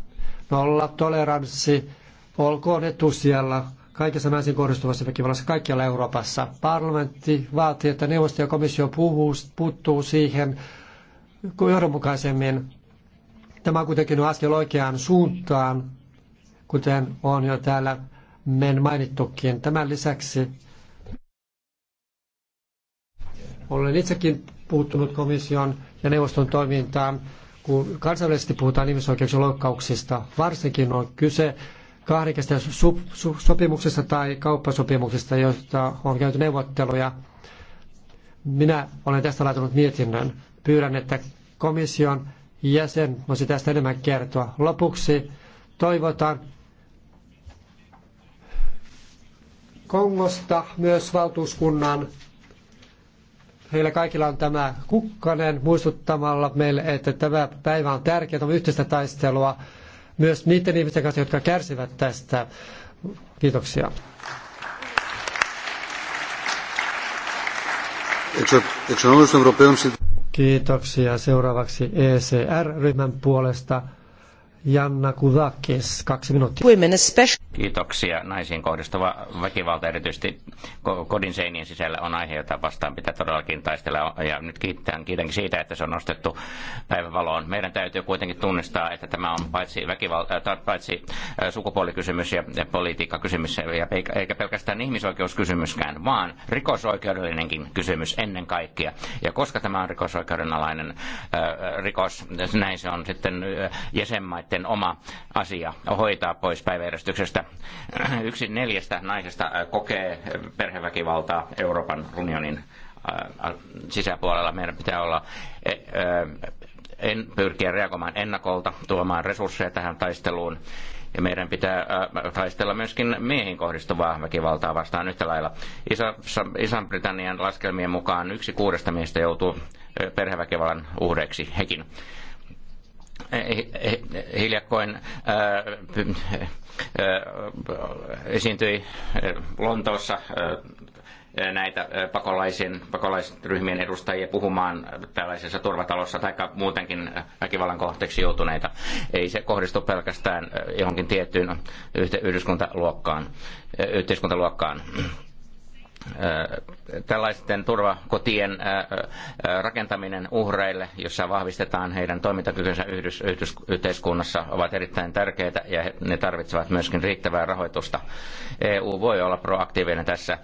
Nolla toleranssi olkoon etusijalla kaikessa naisiin kohdistuvassa väkivallassa kaikkialla Euroopassa. Parlamentti vaatii, että neuvosto ja komissio puhuu, puuttuu siihen johdonmukaisemmin. Tämä on kuitenkin askel oikeaan suuntaan, kuten on jo täällä men mainittukin. Tämän lisäksi olen itsekin puuttunut komission ja neuvoston toimintaan, kun kansainvälisesti puhutaan ihmisoikeuksien loukkauksista. Varsinkin on kyse kahdenkesta sopimuksesta tai kauppasopimuksesta, josta on käyty neuvotteluja. Minä olen tästä laitunut mietinnön. Pyydän, että komission jäsen voisi tästä enemmän kertoa. Lopuksi toivotan Kongosta myös valtuuskunnan. Heillä kaikilla on tämä kukkanen muistuttamalla meille, että tämä päivä on tärkeä, on yhteistä taistelua myös niiden ihmisten kanssa, jotka kärsivät tästä. Kiitoksia. Kiitoksia. Seuraavaksi ECR-ryhmän puolesta Janna Kudakis, kaksi minuuttia. Kiitoksia. Naisiin kohdistuva väkivalta erityisesti kodin seinien sisällä on aihe, jota vastaan pitää todellakin taistella. Ja nyt kiitän, kiitänkin siitä, että se on nostettu päivävaloon. Meidän täytyy kuitenkin tunnistaa, että tämä on paitsi, väkivalta, äh, paitsi äh, sukupuolikysymys ja politiikkakysymys, eikä pelkästään ihmisoikeuskysymyskään, vaan rikosoikeudellinenkin kysymys ennen kaikkea. Ja koska tämä on rikosoikeuden alainen äh, rikos, näin se on sitten jäsenmaiden näiden oma asia hoitaa pois päiväjärjestyksestä. [clears throat] Yksi neljästä naisesta äh, kokee perheväkivaltaa Euroopan unionin äh, äh, sisäpuolella. Meidän pitää olla e, en pyrkiä reagoimaan ennakolta, tuomaan resursseja tähän taisteluun. Ja meidän pitää taistella myöskin miehiin kohdistuvaa väkivaltaa vastaan yhtä lailla. Iso-Britannian laskelmien mukaan yksi kuudesta miestä joutuu perheväkivallan uhreiksi hekin hiljakkoin äh, äh, esiintyi äh, Lontoossa näitä pakolaisen, pakolaisryhmien edustajia puhumaan tällaisessa turvatalossa tai muutenkin väkivallan kohteeksi joutuneita. Ei se kohdistu pelkästään johonkin tiettyyn yhteiskuntaluokkaan. yhteiskuntaluokkaan tällaisten turvakotien rakentaminen uhreille, jossa vahvistetaan heidän toimintakykynsä yhteiskunnassa, ovat erittäin tärkeitä ja ne tarvitsevat myöskin riittävää rahoitusta. EU voi olla proaktiivinen tässä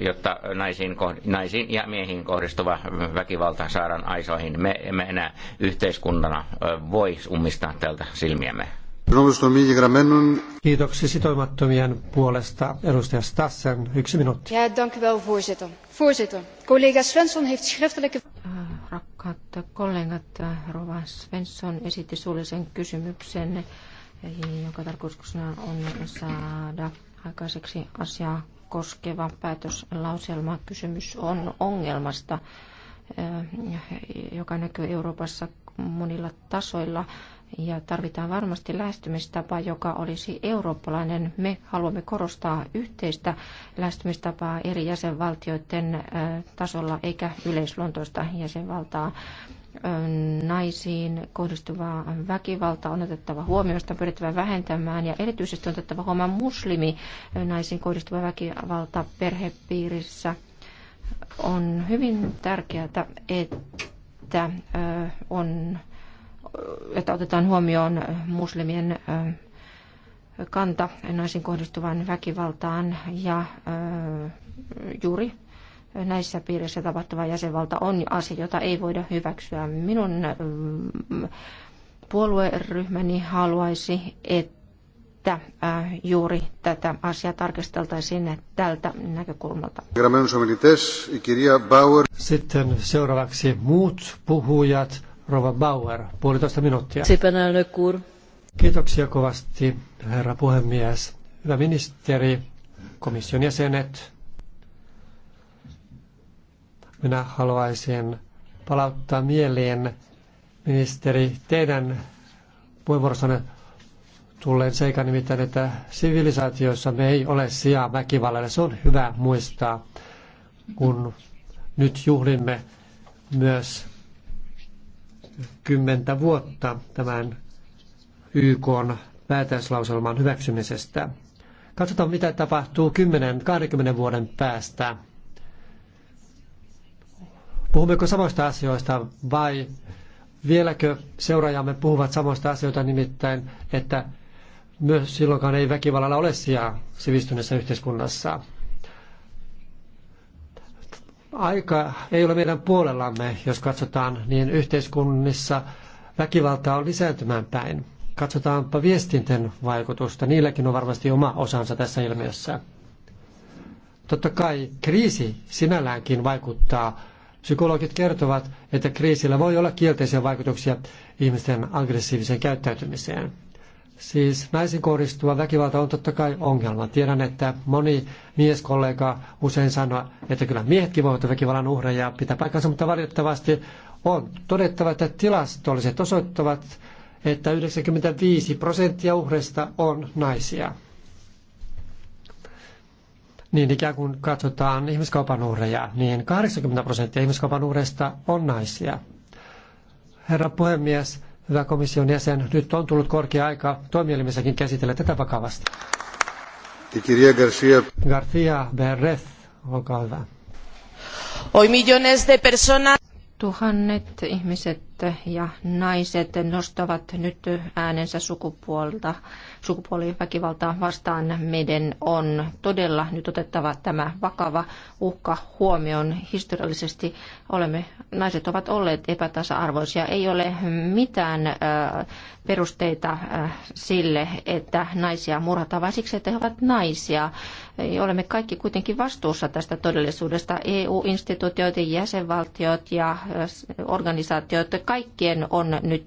jotta naisiin, naisiin ja miehiin kohdistuva väkivalta saadaan aisoihin. Me emme enää yhteiskuntana voi ummistaa tältä silmiämme. Kiitoksia sitoimattomien puolesta. Edustaja Stassen, yksi minuutti. Ja, dank u wel, voorzitter. Voorzitter, collega Svensson heeft schriftelijke... Ah, rakkaat kollegat, Rova Svensson esitti suullisen kysymyksen, eh, jonka tarkoituksena on saada aikaiseksi asiaa koskeva päätöslauselma. Kysymys on ongelmasta, eh, joka näkyy Euroopassa monilla tasoilla ja tarvitaan varmasti lähestymistapa, joka olisi eurooppalainen. Me haluamme korostaa yhteistä lähestymistapaa eri jäsenvaltioiden tasolla eikä yleisluontoista jäsenvaltaa naisiin kohdistuvaa väkivaltaa on otettava huomioon, sitä pyrittävä vähentämään ja erityisesti on otettava huomioon muslimi naisiin kohdistuva väkivalta perhepiirissä. On hyvin tärkeää, että on että otetaan huomioon muslimien kanta naisiin kohdistuvan väkivaltaan ja juuri näissä piirissä tapahtuva jäsenvalta on asia, jota ei voida hyväksyä. Minun puolueryhmäni haluaisi, että juuri tätä asiaa tarkasteltaisiin tältä näkökulmalta. Sitten seuraavaksi muut puhujat. Rova Bauer, puolitoista minuuttia. Sipänäilökuur. Kiitoksia kovasti, herra puhemies. Hyvä ministeri, komission jäsenet. Minä haluaisin palauttaa mieleen ministeri teidän puheenvuorossanne tulleen seikan nimittäin, että sivilisaatioissa me ei ole sijaa väkivallalle. Se on hyvä muistaa, kun nyt juhlimme myös kymmentä vuotta tämän YK päätöslauselman hyväksymisestä. Katsotaan, mitä tapahtuu 10-20 vuoden päästä. Puhummeko samoista asioista vai vieläkö seuraajamme puhuvat samoista asioista nimittäin, että myös silloinkaan ei väkivallalla ole sijaa sivistyneessä yhteiskunnassa aika ei ole meidän puolellamme, jos katsotaan, niin yhteiskunnissa väkivalta on lisääntymään päin. Katsotaanpa viestinten vaikutusta. Niilläkin on varmasti oma osansa tässä ilmiössä. Totta kai kriisi sinälläänkin vaikuttaa. Psykologit kertovat, että kriisillä voi olla kielteisiä vaikutuksia ihmisten aggressiiviseen käyttäytymiseen. Siis naisiin kohdistuva väkivalta on totta kai ongelma. Tiedän, että moni mieskollega usein sanoo, että kyllä miehetkin voivat olla väkivallan uhreja pitää paikkansa, mutta valitettavasti on todettava, että tilastolliset osoittavat, että 95 prosenttia uhreista on naisia. Niin ikään kuin katsotaan ihmiskaupan uhreja, niin 80 prosenttia ihmiskaupan uhreista on naisia. Herra puhemies, hyvä komission jäsen, nyt on tullut korkea aika toimielimissäkin käsitellä tätä vakavasti. García Garcia. Berrez, olkaa hyvä. Hoy millones de personas Tuhannet ihmiset ja naiset nostavat nyt äänensä sukupuolta sukupuoliväkivaltaa vastaan. Meidän on todella nyt otettava tämä vakava uhka huomioon. Historiallisesti olemme, naiset ovat olleet epätasa-arvoisia. Ei ole mitään perusteita sille, että naisia murhataan, vaan siksi, että he ovat naisia Olemme kaikki kuitenkin vastuussa tästä todellisuudesta. EU-instituutioita, jäsenvaltiot ja organisaatiot, kaikkien on nyt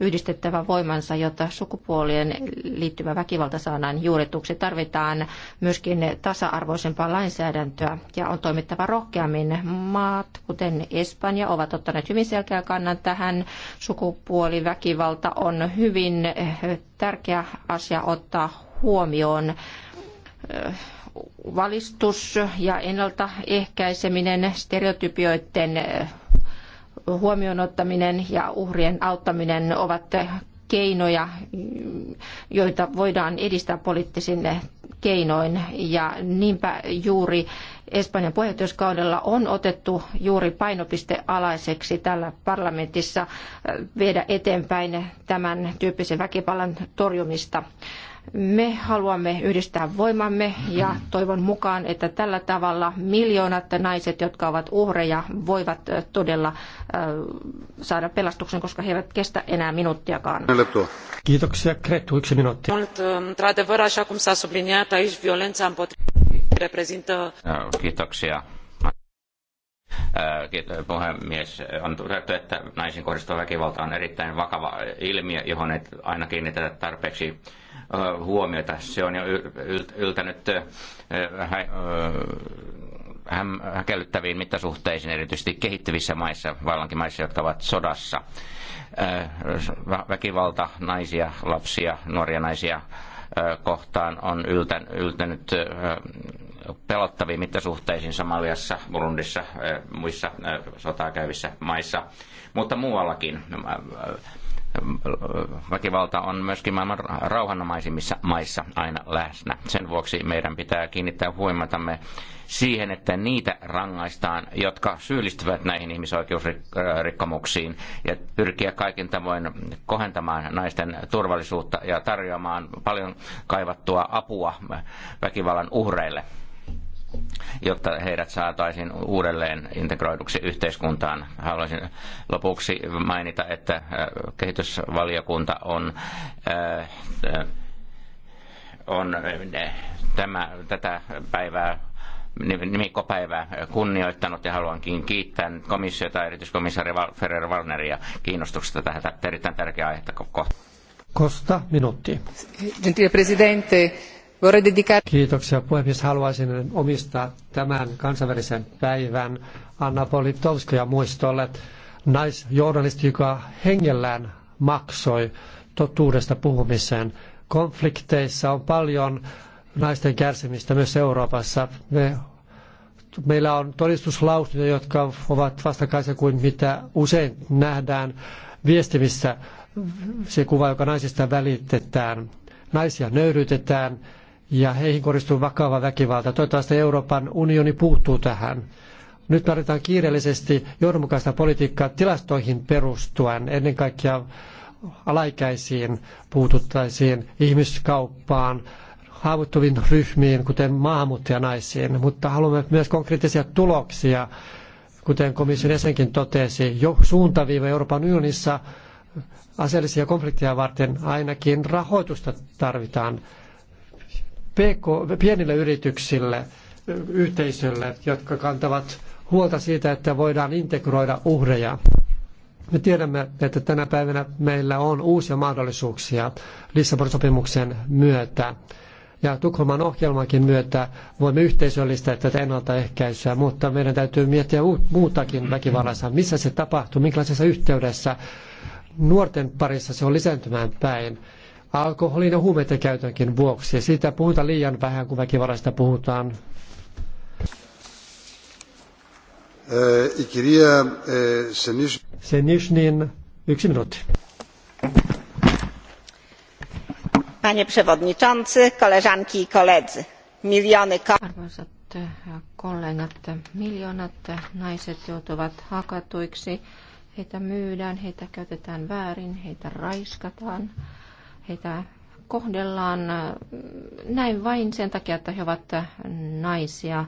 yhdistettävä voimansa, jotta sukupuolien liittyvä väkivalta saadaan juuretuksi. Tarvitaan myöskin tasa-arvoisempaa lainsäädäntöä ja on toimittava rohkeammin. Maat, kuten Espanja, ovat ottaneet hyvin selkeä kannan tähän. Sukupuoliväkivalta on hyvin eh, tärkeä asia ottaa huomioon valistus ja ennaltaehkäiseminen, stereotypioiden eh, huomioon ottaminen ja uhrien auttaminen ovat keinoja, mm, joita voidaan edistää poliittisin keinoin. Ja niinpä juuri Espanjan puheenjohtajuuskaudella on otettu juuri painopistealaiseksi tällä parlamentissa eh, viedä eteenpäin tämän tyyppisen väkivallan torjumista. Me haluamme yhdistää voimamme ja toivon mukaan, että tällä tavalla miljoonat naiset, jotka ovat uhreja, voivat todella saada pelastuksen, koska he eivät kestä enää minuuttiakaan. Kiitoksia. Kretu, yksi minuutti. Într-adevăr, așa cum s-a subliniat aici, Kiitoksia puhemies. On todettu, että naisiin kohdistuva väkivalta on erittäin vakava ilmiö, johon ei aina kiinnitetä tarpeeksi huomiota. Se on jo yltänyt häkellyttäviin mittasuhteisiin, erityisesti kehittyvissä maissa, vallankin maissa, jotka ovat sodassa. Väkivalta naisia, lapsia, nuoria naisia kohtaan on yltänyt pelottaviin mittasuhteisiin Somaliassa, Burundissa, muissa sotaa käyvissä maissa, mutta muuallakin. Väkivalta on myöskin maailman rauhanomaisimmissa maissa aina läsnä. Sen vuoksi meidän pitää kiinnittää huomiotamme siihen, että niitä rangaistaan, jotka syyllistyvät näihin ihmisoikeusrikkomuksiin ja pyrkiä kaikin tavoin kohentamaan naisten turvallisuutta ja tarjoamaan paljon kaivattua apua väkivallan uhreille jotta heidät saataisiin uudelleen integroiduksi yhteiskuntaan. Haluaisin lopuksi mainita, että äh, kehitysvaliokunta on, äh, äh, on tämä, tätä päivää nimikkopäivää kunnioittanut ja haluankin kiittää komissiota, erityiskomissaari Ferrer Valneria kiinnostuksesta tähän erittäin tärkeää aihetta koko. Kosta, minuutti. Gentile presidente, Kiitoksia puhemies. Haluaisin omistaa tämän kansainvälisen päivän Anna Politkovskaja muistolle naisjournalisti, joka hengellään maksoi totuudesta puhumiseen. Konflikteissa on paljon naisten kärsimistä myös Euroopassa. Me, meillä on todistuslausuntoja, jotka ovat vastakkaisia kuin mitä usein nähdään viestimissä se kuva, joka naisista välitetään. Naisia nöyrytetään ja heihin kohdistuu vakava väkivalta. Toivottavasti Euroopan unioni puuttuu tähän. Nyt tarvitaan kiireellisesti johdonmukaista politiikkaa tilastoihin perustuen, ennen kaikkea alaikäisiin puututtaisiin, ihmiskauppaan, haavoittuviin ryhmiin, kuten maahanmuuttajanaisiin, mutta haluamme myös konkreettisia tuloksia, kuten komission jäsenkin totesi, jo suuntaviiva Euroopan unionissa aseellisia konflikteja varten ainakin rahoitusta tarvitaan PK, pienille yrityksille, yhteisölle, jotka kantavat huolta siitä, että voidaan integroida uhreja. Me tiedämme, että tänä päivänä meillä on uusia mahdollisuuksia Lissabonin sopimuksen myötä. Ja Tukholman ohjelmankin myötä voimme yhteisöllistää tätä ennaltaehkäisyä, mutta meidän täytyy miettiä muutakin väkivallassa. Missä se tapahtuu, minkälaisessa yhteydessä nuorten parissa se on lisääntymään päin alkoholin ja huumeiden käytönkin vuoksi. Siitä puhutaan liian vähän, kun väkivarasta puhutaan. Η κυρία Σενίσνιν, yksi minuutti. Panie przewodniczący, koleżanki i koledzy, miliony Arvoisat eh, kollegat, miljoonat eh, naiset joutuvat hakatuiksi, heitä myydään, heitä käytetään väärin, heitä raiskataan Heitä kohdellaan äh, näin vain sen takia, että he ovat naisia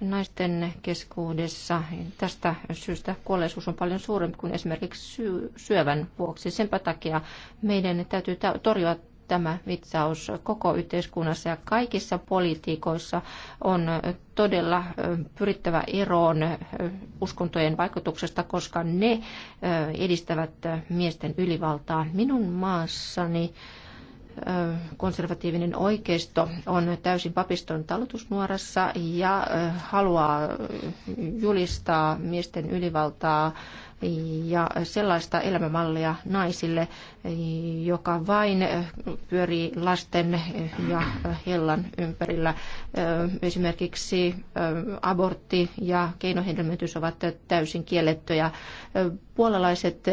naisten keskuudessa. Tästä syystä kuolleisuus on paljon suurempi kuin esimerkiksi syövän vuoksi. Senpä takia meidän täytyy torjua tämä vitsaus koko yhteiskunnassa ja kaikissa politiikoissa on todella pyrittävä eroon uskontojen vaikutuksesta, koska ne edistävät miesten ylivaltaa. Minun maassani konservatiivinen oikeisto on täysin papiston talutusnuorassa ja haluaa julistaa miesten ylivaltaa ja sellaista elämämallia naisille, joka vain pyörii lasten ja hellan ympärillä. Esimerkiksi abortti ja keinohedelmöitys ovat täysin kiellettyjä. Puolalaiset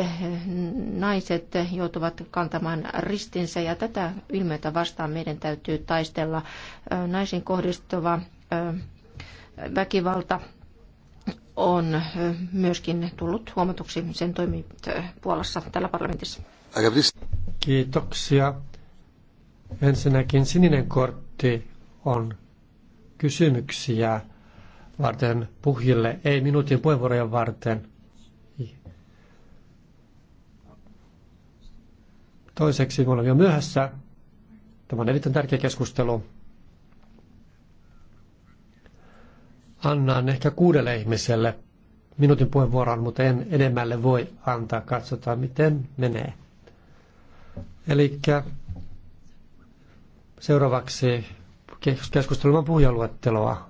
naiset joutuvat kantamaan ristinsä ja tätä ilmiötä vastaan meidän täytyy taistella. Naisiin kohdistuva väkivalta on myöskin tullut huomatuksi sen toimit Puolassa tällä parlamentissa. Kiitoksia. Ensinnäkin sininen kortti on kysymyksiä varten puhjille, ei minuutin puheenvuorojen varten. Toiseksi me olemme jo myöhässä. Tämä on erittäin tärkeä keskustelu. annan ehkä kuudelle ihmiselle minuutin puheenvuoron, mutta en enemmälle voi antaa. Katsotaan, miten menee. Eli seuraavaksi keskustelman puhujaluetteloa.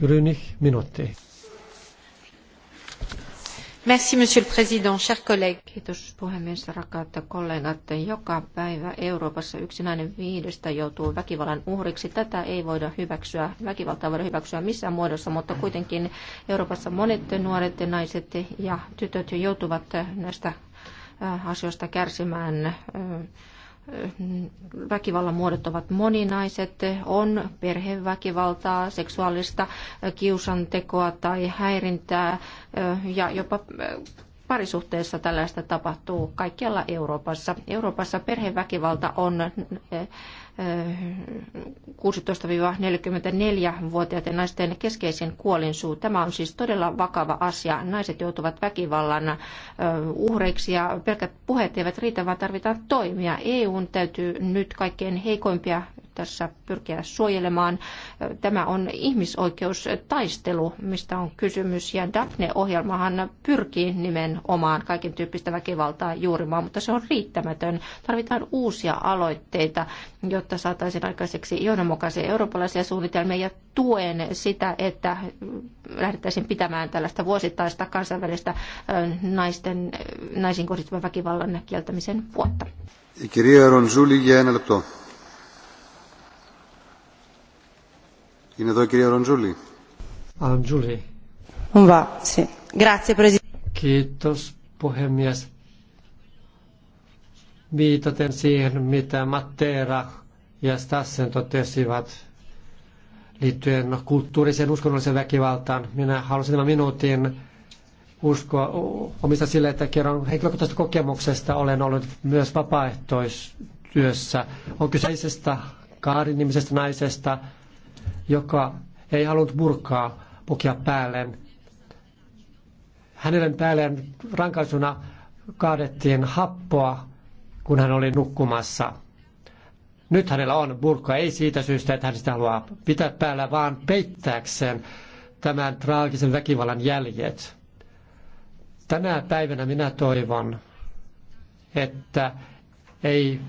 Grünich, minuutti monsieur le président, chers collègues. Kiitos puhemies, rakkaat kollegat. Joka päivä Euroopassa yksi nainen viidestä joutuu väkivallan uhriksi. Tätä ei voida hyväksyä, väkivaltaa voida hyväksyä missään muodossa, mutta kuitenkin Euroopassa monet nuoret naiset ja tytöt joutuvat näistä äh, asioista kärsimään äh, väkivallan muodot ovat moninaiset. On perheväkivaltaa, seksuaalista kiusantekoa tai häirintää ja jopa parisuhteessa tällaista tapahtuu kaikkialla Euroopassa. Euroopassa perheväkivalta on 16-44-vuotiaiden naisten keskeisen kuolinsuu. Tämä on siis todella vakava asia. Naiset joutuvat väkivallan uhreiksi ja pelkät puheet eivät riitä, vaan tarvitaan toimia. EUn täytyy nyt kaikkein heikoimpia tässä pyrkiä suojelemaan. Tämä on ihmisoikeustaistelu, mistä on kysymys. Ja Daphne-ohjelmahan pyrkii nimenomaan kaiken tyyppistä väkivaltaa juurimaan, mutta se on riittämätön. Tarvitaan uusia aloitteita, jotta saataisiin aikaiseksi johdonmukaisia eurooppalaisia suunnitelmia ja tuen sitä, että lähdettäisiin pitämään tällaista vuosittaista kansainvälistä naisten, naisiin kohdistuvan väkivallan kieltämisen vuotta. Kirja Ronzuli, Kiitos, puhemies. Viitaten siihen, mitä Matteera ja Stassen totesivat liittyen kulttuuriseen uskonnolliseen väkivaltaan. Minä halusin tämän minuutin uskoa omista sille, että kerron henkilökohtaisesta kokemuksesta. Olen ollut myös vapaaehtoistyössä. On kyseisestä Kaarin nimisestä naisesta, joka ei halunnut murkaa pukea päälleen. Hänelle päälleen rankaisuna kaadettiin happoa, kun hän oli nukkumassa. Nyt hänellä on burka, ei siitä syystä, että hän sitä haluaa pitää päällä, vaan peittääkseen tämän traagisen väkivallan jäljet. Tänä päivänä minä toivon, että ei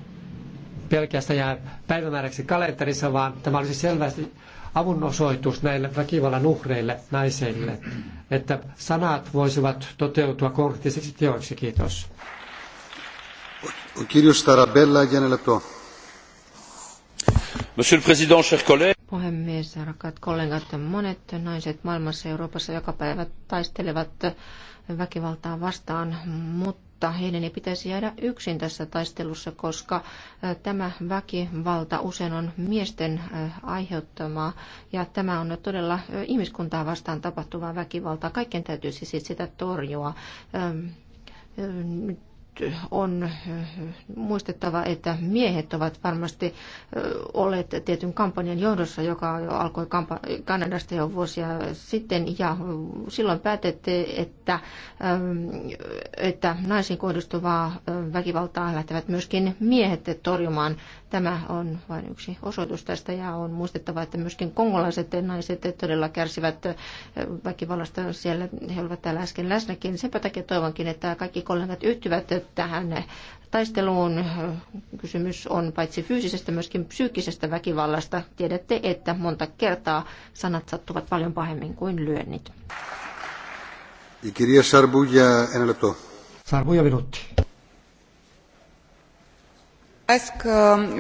pelkästään jää päivämääräksi kalenterissa, vaan tämä olisi selvästi avunosoitus näille väkivallan uhreille, naisille, että sanat voisivat toteutua konkreettisiksi teoiksi. Kiitos. Monsieur le Président, chers collègues. Puhemies, rakkaat kollegat, monet naiset maailmassa ja Euroopassa joka päivä taistelevat väkivaltaa vastaan, mutta mutta heidän ei pitäisi jäädä yksin tässä taistelussa, koska tämä väkivalta usein on miesten aiheuttamaa ja tämä on todella ihmiskuntaa vastaan tapahtuvaa väkivaltaa. Kaiken täytyisi siis sitä torjua nyt on muistettava, että miehet ovat varmasti olleet tietyn kampanjan johdossa, joka jo alkoi Kanadasta jo vuosia sitten. Ja silloin päätettiin, että, että naisiin kohdistuvaa väkivaltaa lähtevät myöskin miehet torjumaan Tämä on vain yksi osoitus tästä ja on muistettava, että myöskin kongolaiset naiset todella kärsivät väkivallasta siellä. He olivat täällä äsken läsnäkin. Senpä takia toivonkin, että kaikki kollegat yhtyvät tähän taisteluun. Kysymys on paitsi fyysisestä myöskin psyykkisestä väkivallasta. Tiedätte, että monta kertaa sanat sattuvat paljon pahemmin kuin lyönnit. Sarbuja, minuutti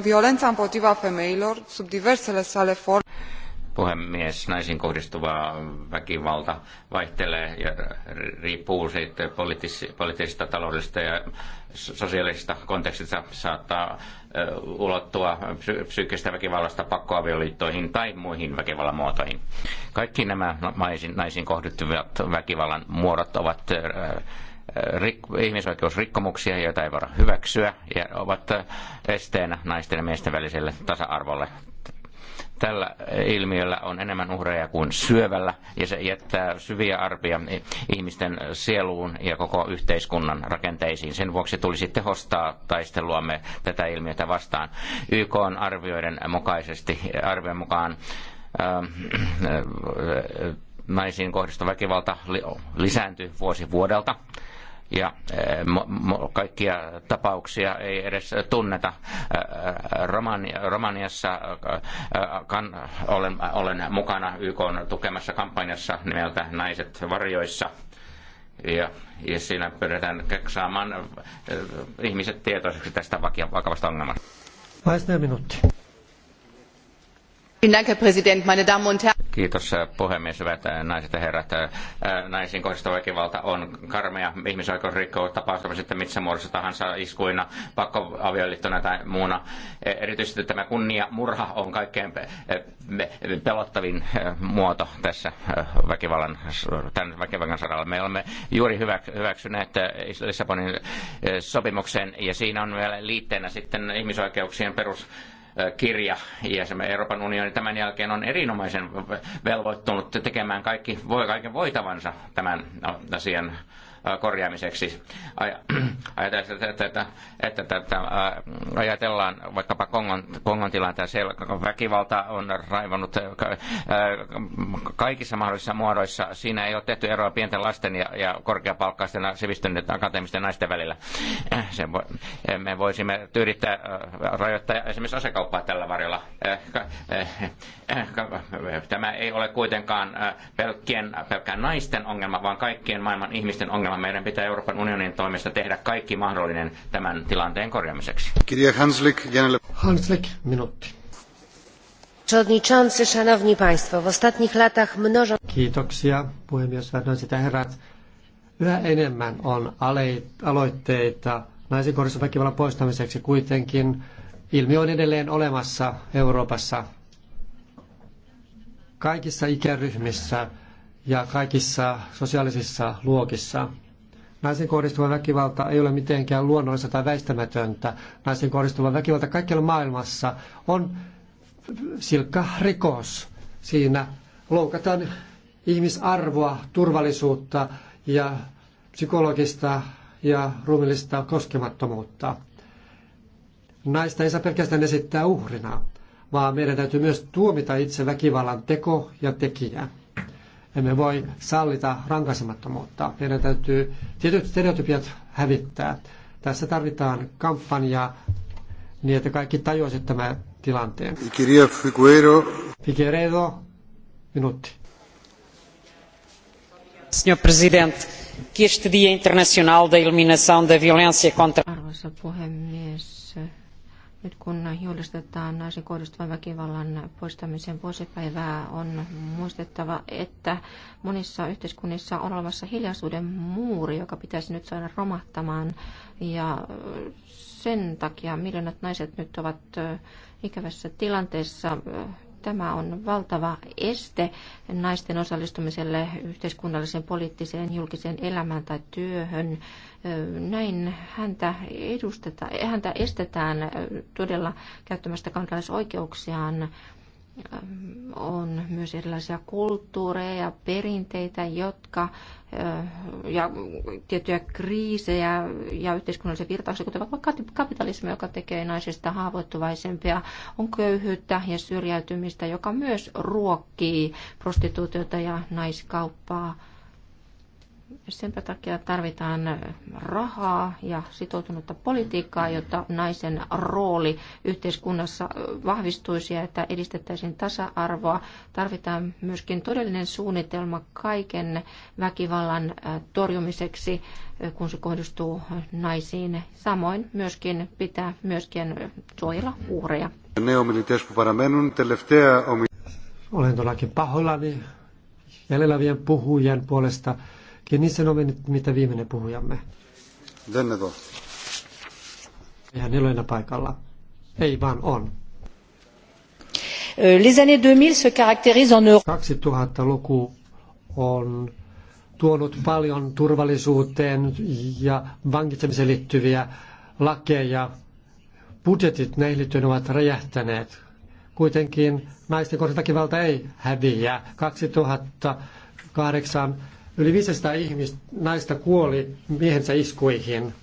violena împotriva femeilor sub diversele sale forme puhemies, naisiin kohdistuva väkivalta vaihtelee ja riippuu siitä poliittisesta, taloudellisesta ja sosiaalisesta kontekstista. Saattaa ulottua psyykkistä väkivallasta pakkoavioliittoihin tai muihin väkivallan muotoihin. Kaikki nämä naisiin kohdistuvat väkivallan muodot ovat Eh, rik- ihmisoikeusrikkomuksia, joita ei voida hyväksyä ja ovat eh, esteenä naisten ja miesten väliselle tasa-arvolle. Tällä ilmiöllä on enemmän uhreja kuin syövällä ja se jättää syviä arpia ihmisten sieluun ja koko yhteiskunnan rakenteisiin. Sen vuoksi tulisi tehostaa taisteluamme tätä ilmiötä vastaan. YK on arvioiden mukaisesti, arvion mukaan ähm, äh, naisiin kohdistuva väkivalta lisääntyy vuosi vuodelta ja eh, kaikkia tapauksia ei edes tunneta. Eh, eh, Romaniassa olen, mukana YK tukemassa kampanjassa nimeltä Naiset varjoissa. Ja, ja siinä pyritään saamaan ihmiset tietoisiksi tästä vakavasta ongelmasta. Vaisi minuutti. Kiitos äh, puhemies, hyvät äh, naiset ja herrat. Äh, naisiin kohdistuva väkivalta on karmea ihmisoikeusrikko tapaus sitten missä muodossa tahansa iskuina, pakkoavioliittona tai muuna. E, erityisesti tämä murha on kaikkein pelottavin muoto tässä väkivallan, tämän väkivallan saralla. Me olemme juuri hyväksyneet Lissabonin sopimuksen ja siinä on vielä liitteenä sitten ihmisoikeuksien perus kirja. Ja Euroopan unioni tämän jälkeen on erinomaisen velvoittunut tekemään kaikki, voi kaiken voitavansa tämän asian korjaamiseksi. [clears throat] Ajatellaan, että, että, että, että ajatellaan vaikkapa Kongon, Kongon tilanteen, siellä väkivalta on raivannut kaikissa mahdollisissa muodoissa. Siinä ei ole tehty eroa pienten lasten ja, ja korkeapalkkaisten sivistyneiden akateemisten naisten välillä. [clears throat] Sen voi, me voisimme yrittää rajoittaa esimerkiksi asekauppaa tällä varjolla. [clears throat] Tämä ei ole kuitenkaan pelkkien, pelkkään naisten ongelma, vaan kaikkien maailman ihmisten ongelma ongelma. Meidän pitää Euroopan unionin toimesta tehdä kaikki mahdollinen tämän tilanteen korjaamiseksi. Kirja Hanslik, Hanslik minuutti. Przewodniczący, szanowni państwo, w ostatnich latach mnożą... Kiitoksia, puhemies, hyvät herrat. Yhä enemmän on aloitteita naisen kohdistuvan väkivallan poistamiseksi. Kuitenkin ilmiö on edelleen olemassa Euroopassa kaikissa ikäryhmissä ja kaikissa sosiaalisissa luokissa. Naisiin kohdistuva väkivalta ei ole mitenkään luonnollista tai väistämätöntä. Naisiin kohdistuva väkivalta kaikkialla maailmassa on silkka rikos. Siinä loukataan ihmisarvoa, turvallisuutta ja psykologista ja ruumillista koskemattomuutta. Naista ei saa pelkästään esittää uhrina, vaan meidän täytyy myös tuomita itse väkivallan teko ja tekijä. Emme voi sallita rankaisemattomuutta. Meidän täytyy tietyt stereotypiat hävittää. Tässä tarvitaan kampanjaa niin, että kaikki tajuisivat tämän tilanteen. Kirja Figuero. Figueredo, minuutti. Signor Presidente, que Dia Internacional de Eliminação da Violência contra... Arvoisa puhemies, nyt kun julistetaan naisen kohdistuvan väkivallan poistamisen vuosipäivää, on muistettava, että monissa yhteiskunnissa on olemassa hiljaisuuden muuri, joka pitäisi nyt saada romahtamaan. Ja sen takia miljoonat naiset nyt ovat ikävässä tilanteessa Tämä on valtava este naisten osallistumiselle yhteiskunnalliseen, poliittiseen, julkiseen elämään tai työhön. Näin häntä, edusteta, häntä estetään todella käyttämästä kansalaisoikeuksiaan on myös erilaisia kulttuureja ja perinteitä, jotka ja tiettyjä kriisejä ja yhteiskunnallisia virtauksia, kuten vaikka kapitalismi, joka tekee naisista haavoittuvaisempia, on köyhyyttä ja syrjäytymistä, joka myös ruokkii prostituutiota ja naiskauppaa Senpä takia tarvitaan rahaa ja sitoutunutta politiikkaa, jotta naisen rooli yhteiskunnassa vahvistuisi ja että edistettäisiin tasa-arvoa. Tarvitaan myöskin todellinen suunnitelma kaiken väkivallan äh, torjumiseksi, äh, kun se kohdistuu naisiin. Samoin myöskin pitää myöskin suojella uhreja. Olen todellakin pahoillani jäljellä vielä puhujien puolesta. Niissä on mitä viimeinen puhujamme. Denneto. Ja ne ole enää paikalla. Ei vaan on. Euh, les années 2000 se caractérisent en Europe. 2000-luku on tuonut paljon turvallisuuteen ja vankitsemiseen liittyviä lakeja. Budjetit näihin liittyen ovat räjähtäneet. Kuitenkin naisten kohdalla väkivalta ei häviä. 2008 Yli 500 ihmistä, naista kuoli miehensä iskuihin.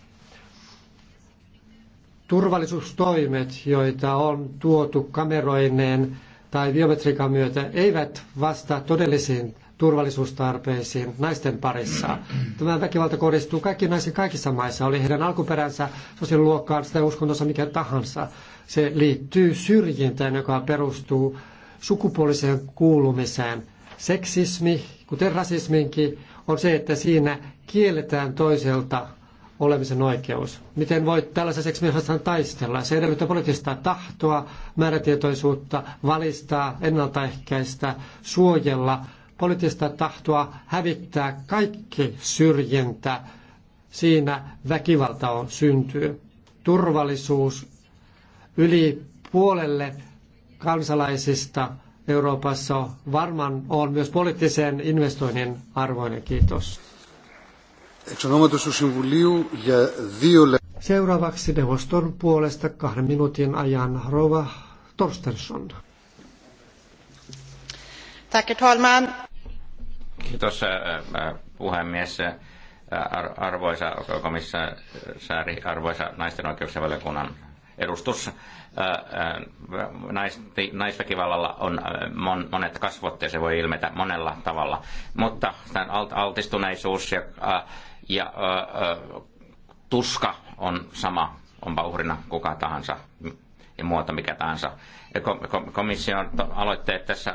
Turvallisuustoimet, joita on tuotu kameroineen tai biometriikan myötä, eivät vastaa todellisiin turvallisuustarpeisiin naisten parissa. Tämä väkivalta kohdistuu kaikkiin naisiin kaikissa maissa, oli heidän alkuperänsä, sosiaaliluokkaan tai uskontonsa mikä tahansa. Se liittyy syrjintään, joka perustuu sukupuoliseen kuulumiseen. Seksismi kuten rasisminkin, on se, että siinä kielletään toiselta olemisen oikeus. Miten voi tällaisen vastaan taistella? Se edellyttää poliittista tahtoa, määrätietoisuutta, valistaa, ennaltaehkäistä, suojella, poliittista tahtoa hävittää kaikki syrjintä. Siinä väkivalta on syntyy. Turvallisuus yli puolelle kansalaisista – Euroopassa varmaan on myös poliittisen investoinnin arvoinen. Kiitos. Seuraavaksi neuvoston puolesta kahden minuutin ajan Rova Torstensson. Kiitos puhemies. Arvoisa komissaari, arvoisa naisten oikeuksien valiokunnan edustus äh, äh, naisväkivallalla on äh, monet kasvot ja se voi ilmetä monella tavalla. Mutta tämän altistuneisuus ja, ja tuska on sama, onpa uhrina kuka tahansa ja muoto mikä tahansa komission aloitteet tässä,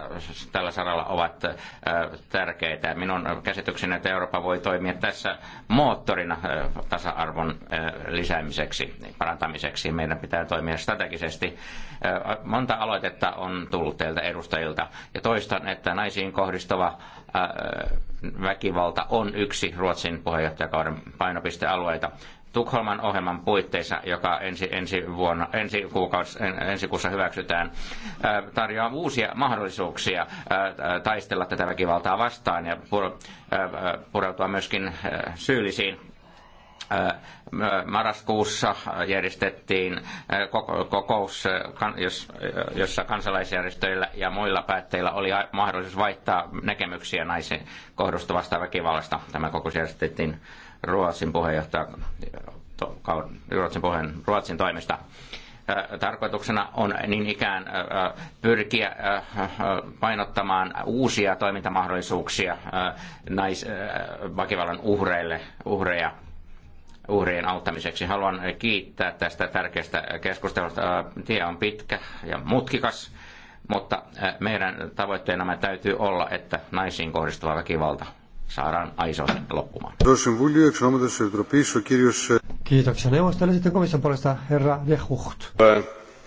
tällä saralla ovat tärkeitä. Minun käsitykseni, että Eurooppa voi toimia tässä moottorina tasa-arvon lisäämiseksi, parantamiseksi. Meidän pitää toimia strategisesti. Monta aloitetta on tullut teiltä edustajilta ja toistan, että naisiin kohdistuva väkivalta on yksi Ruotsin puheenjohtajakauden painopistealueita. Tukholman ohjelman puitteissa, joka ensi, ensi, vuonna, ensi, kuukaus, ensi kuussa hyväksytään, tarjoaa uusia mahdollisuuksia taistella tätä väkivaltaa vastaan ja pureutua myöskin syyllisiin marraskuussa järjestettiin kokous, jossa kansalaisjärjestöillä ja muilla päättäjillä oli mahdollisuus vaihtaa näkemyksiä naisiin kohdustuvasta väkivallasta. Tämä kokous järjestettiin Ruotsin puheenjohtaja Ruotsin, puheen, Ruotsin toimesta. Tarkoituksena on niin ikään pyrkiä painottamaan uusia toimintamahdollisuuksia väkivallan uhreille, uhreja uhrien auttamiseksi. Haluan kiittää tästä tärkeästä keskustelusta. Tie on pitkä ja mutkikas, mutta meidän tavoitteenamme täytyy olla, että naisiin kohdistuva väkivalta saadaan aisoon loppumaan. Kiitoksia neuvostolle. Sitten komission puolesta herra De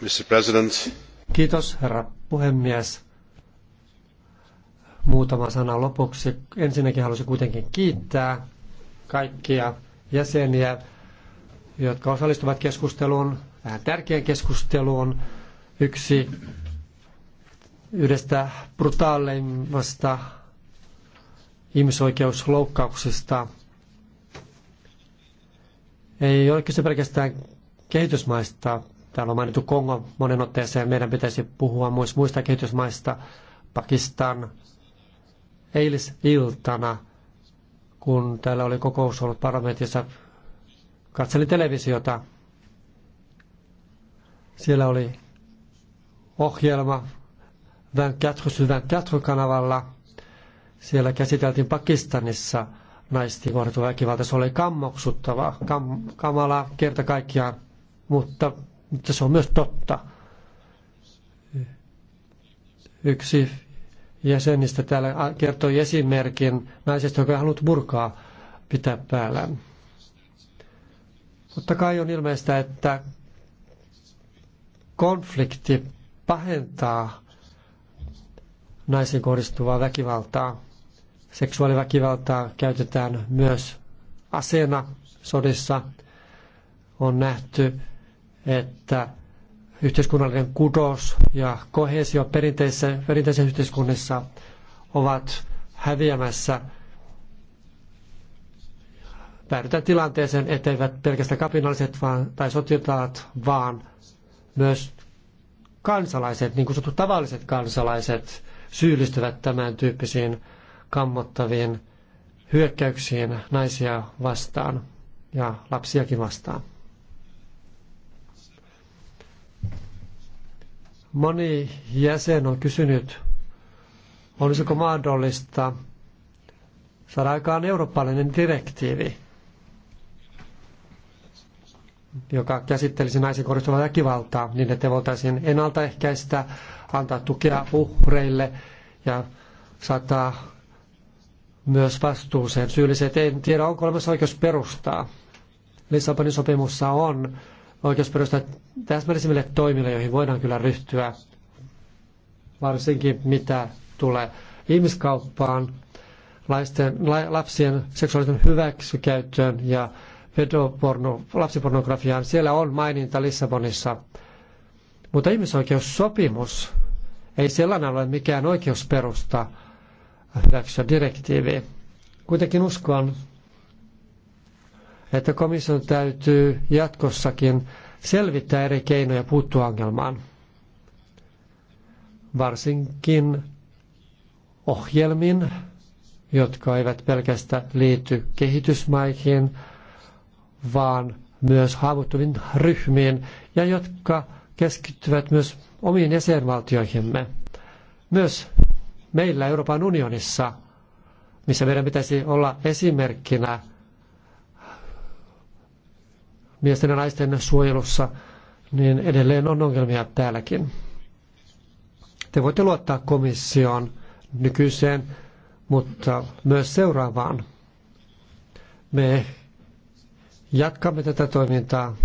Mr. President. Kiitos herra puhemies. Muutama sana lopuksi. Ensinnäkin haluaisin kuitenkin kiittää kaikkia jäseniä, jotka osallistuvat keskusteluun, vähän tärkeän keskusteluun. Yksi yhdestä brutaaleimmasta ihmisoikeusloukkauksista. Ei ole kyse pelkästään kehitysmaista. Täällä on mainittu Kongo monen otteeseen. Meidän pitäisi puhua myös muista kehitysmaista. Pakistan eilisiltana, kun täällä oli kokous ollut parlamentissa, katselin televisiota. Siellä oli ohjelma 24 sur 24 kanavalla – siellä käsiteltiin Pakistanissa naisten kohdattua väkivalta. Se oli kammoksuttava, kam, kamala kerta kaikkiaan, mutta, mutta se on myös totta. Yksi jäsenistä täällä kertoi esimerkin naisesta, joka ei halunnut murkaa pitää päällään. Mutta kai on ilmeistä, että konflikti pahentaa naisiin kohdistuvaa väkivaltaa. Seksuaaliväkivaltaa käytetään myös aseena sodissa. On nähty, että yhteiskunnallinen kudos ja kohesio perinteisissä, perinteisissä yhteiskunnissa ovat häviämässä. Päädytään tilanteeseen, etteivät pelkästään kapinalliset vaan, tai sotilaat, vaan myös kansalaiset, niin kutsutut tavalliset kansalaiset, syyllistyvät tämän tyyppisiin kammottavien hyökkäyksiin naisia vastaan ja lapsiakin vastaan. Moni jäsen on kysynyt, olisiko mahdollista saada aikaan eurooppalainen direktiivi, joka käsittelisi naisen kohdistuvaa väkivaltaa niin, että voitaisiin ennaltaehkäistä, antaa tukea uhreille ja saattaa myös vastuuseen syylliset. En tiedä, onko olemassa oikeus perustaa. Lissabonin sopimussa on oikeus perustaa täsmällisimmille toimille, joihin voidaan kyllä ryhtyä, varsinkin mitä tulee ihmiskauppaan, laisten, lapsien seksuaalisen hyväksikäyttöön ja pedoporno, lapsipornografiaan. Siellä on maininta Lissabonissa. Mutta ihmisoikeussopimus ei sellainen ole mikään oikeusperusta hyväksyä direktiivi. Kuitenkin uskon, että komission täytyy jatkossakin selvittää eri keinoja puuttua ongelmaan. Varsinkin ohjelmin, jotka eivät pelkästään liity kehitysmaihin, vaan myös haavoittuviin ryhmiin ja jotka keskittyvät myös omiin jäsenvaltioihimme. Myös meillä Euroopan unionissa, missä meidän pitäisi olla esimerkkinä miesten ja naisten suojelussa, niin edelleen on ongelmia täälläkin. Te voitte luottaa komissioon nykyiseen, mutta myös seuraavaan. Me jatkamme tätä toimintaa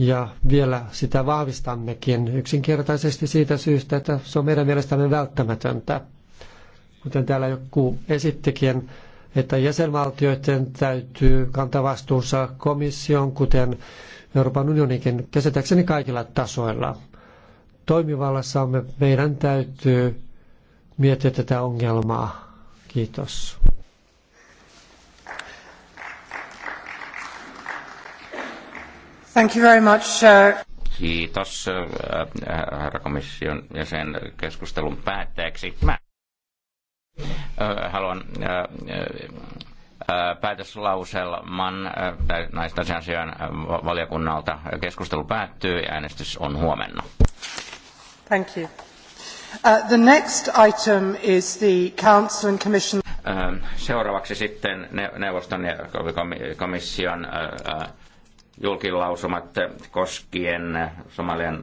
ja vielä sitä vahvistammekin yksinkertaisesti siitä syystä, että se on meidän mielestämme välttämätöntä. Kuten täällä joku esittikin, että jäsenvaltioiden täytyy kantaa vastuunsa komission, kuten Euroopan unionikin, käsittääkseni kaikilla tasoilla. Toimivallassamme meidän täytyy miettiä tätä ongelmaa. Kiitos. Thank you very much, sir. Kiitos, äh, äh, herra komission jäsen, keskustelun päätteeksi. Mä äh, haluan päätöslauselman näistä asian valiokunnalta. Keskustelu päättyy ja äänestys on huomenna. Thank you. Uh, the next item is the Council and Commission. Seuraavaksi sitten neuvoston ja komission uh, julkilausumat koskien Somalian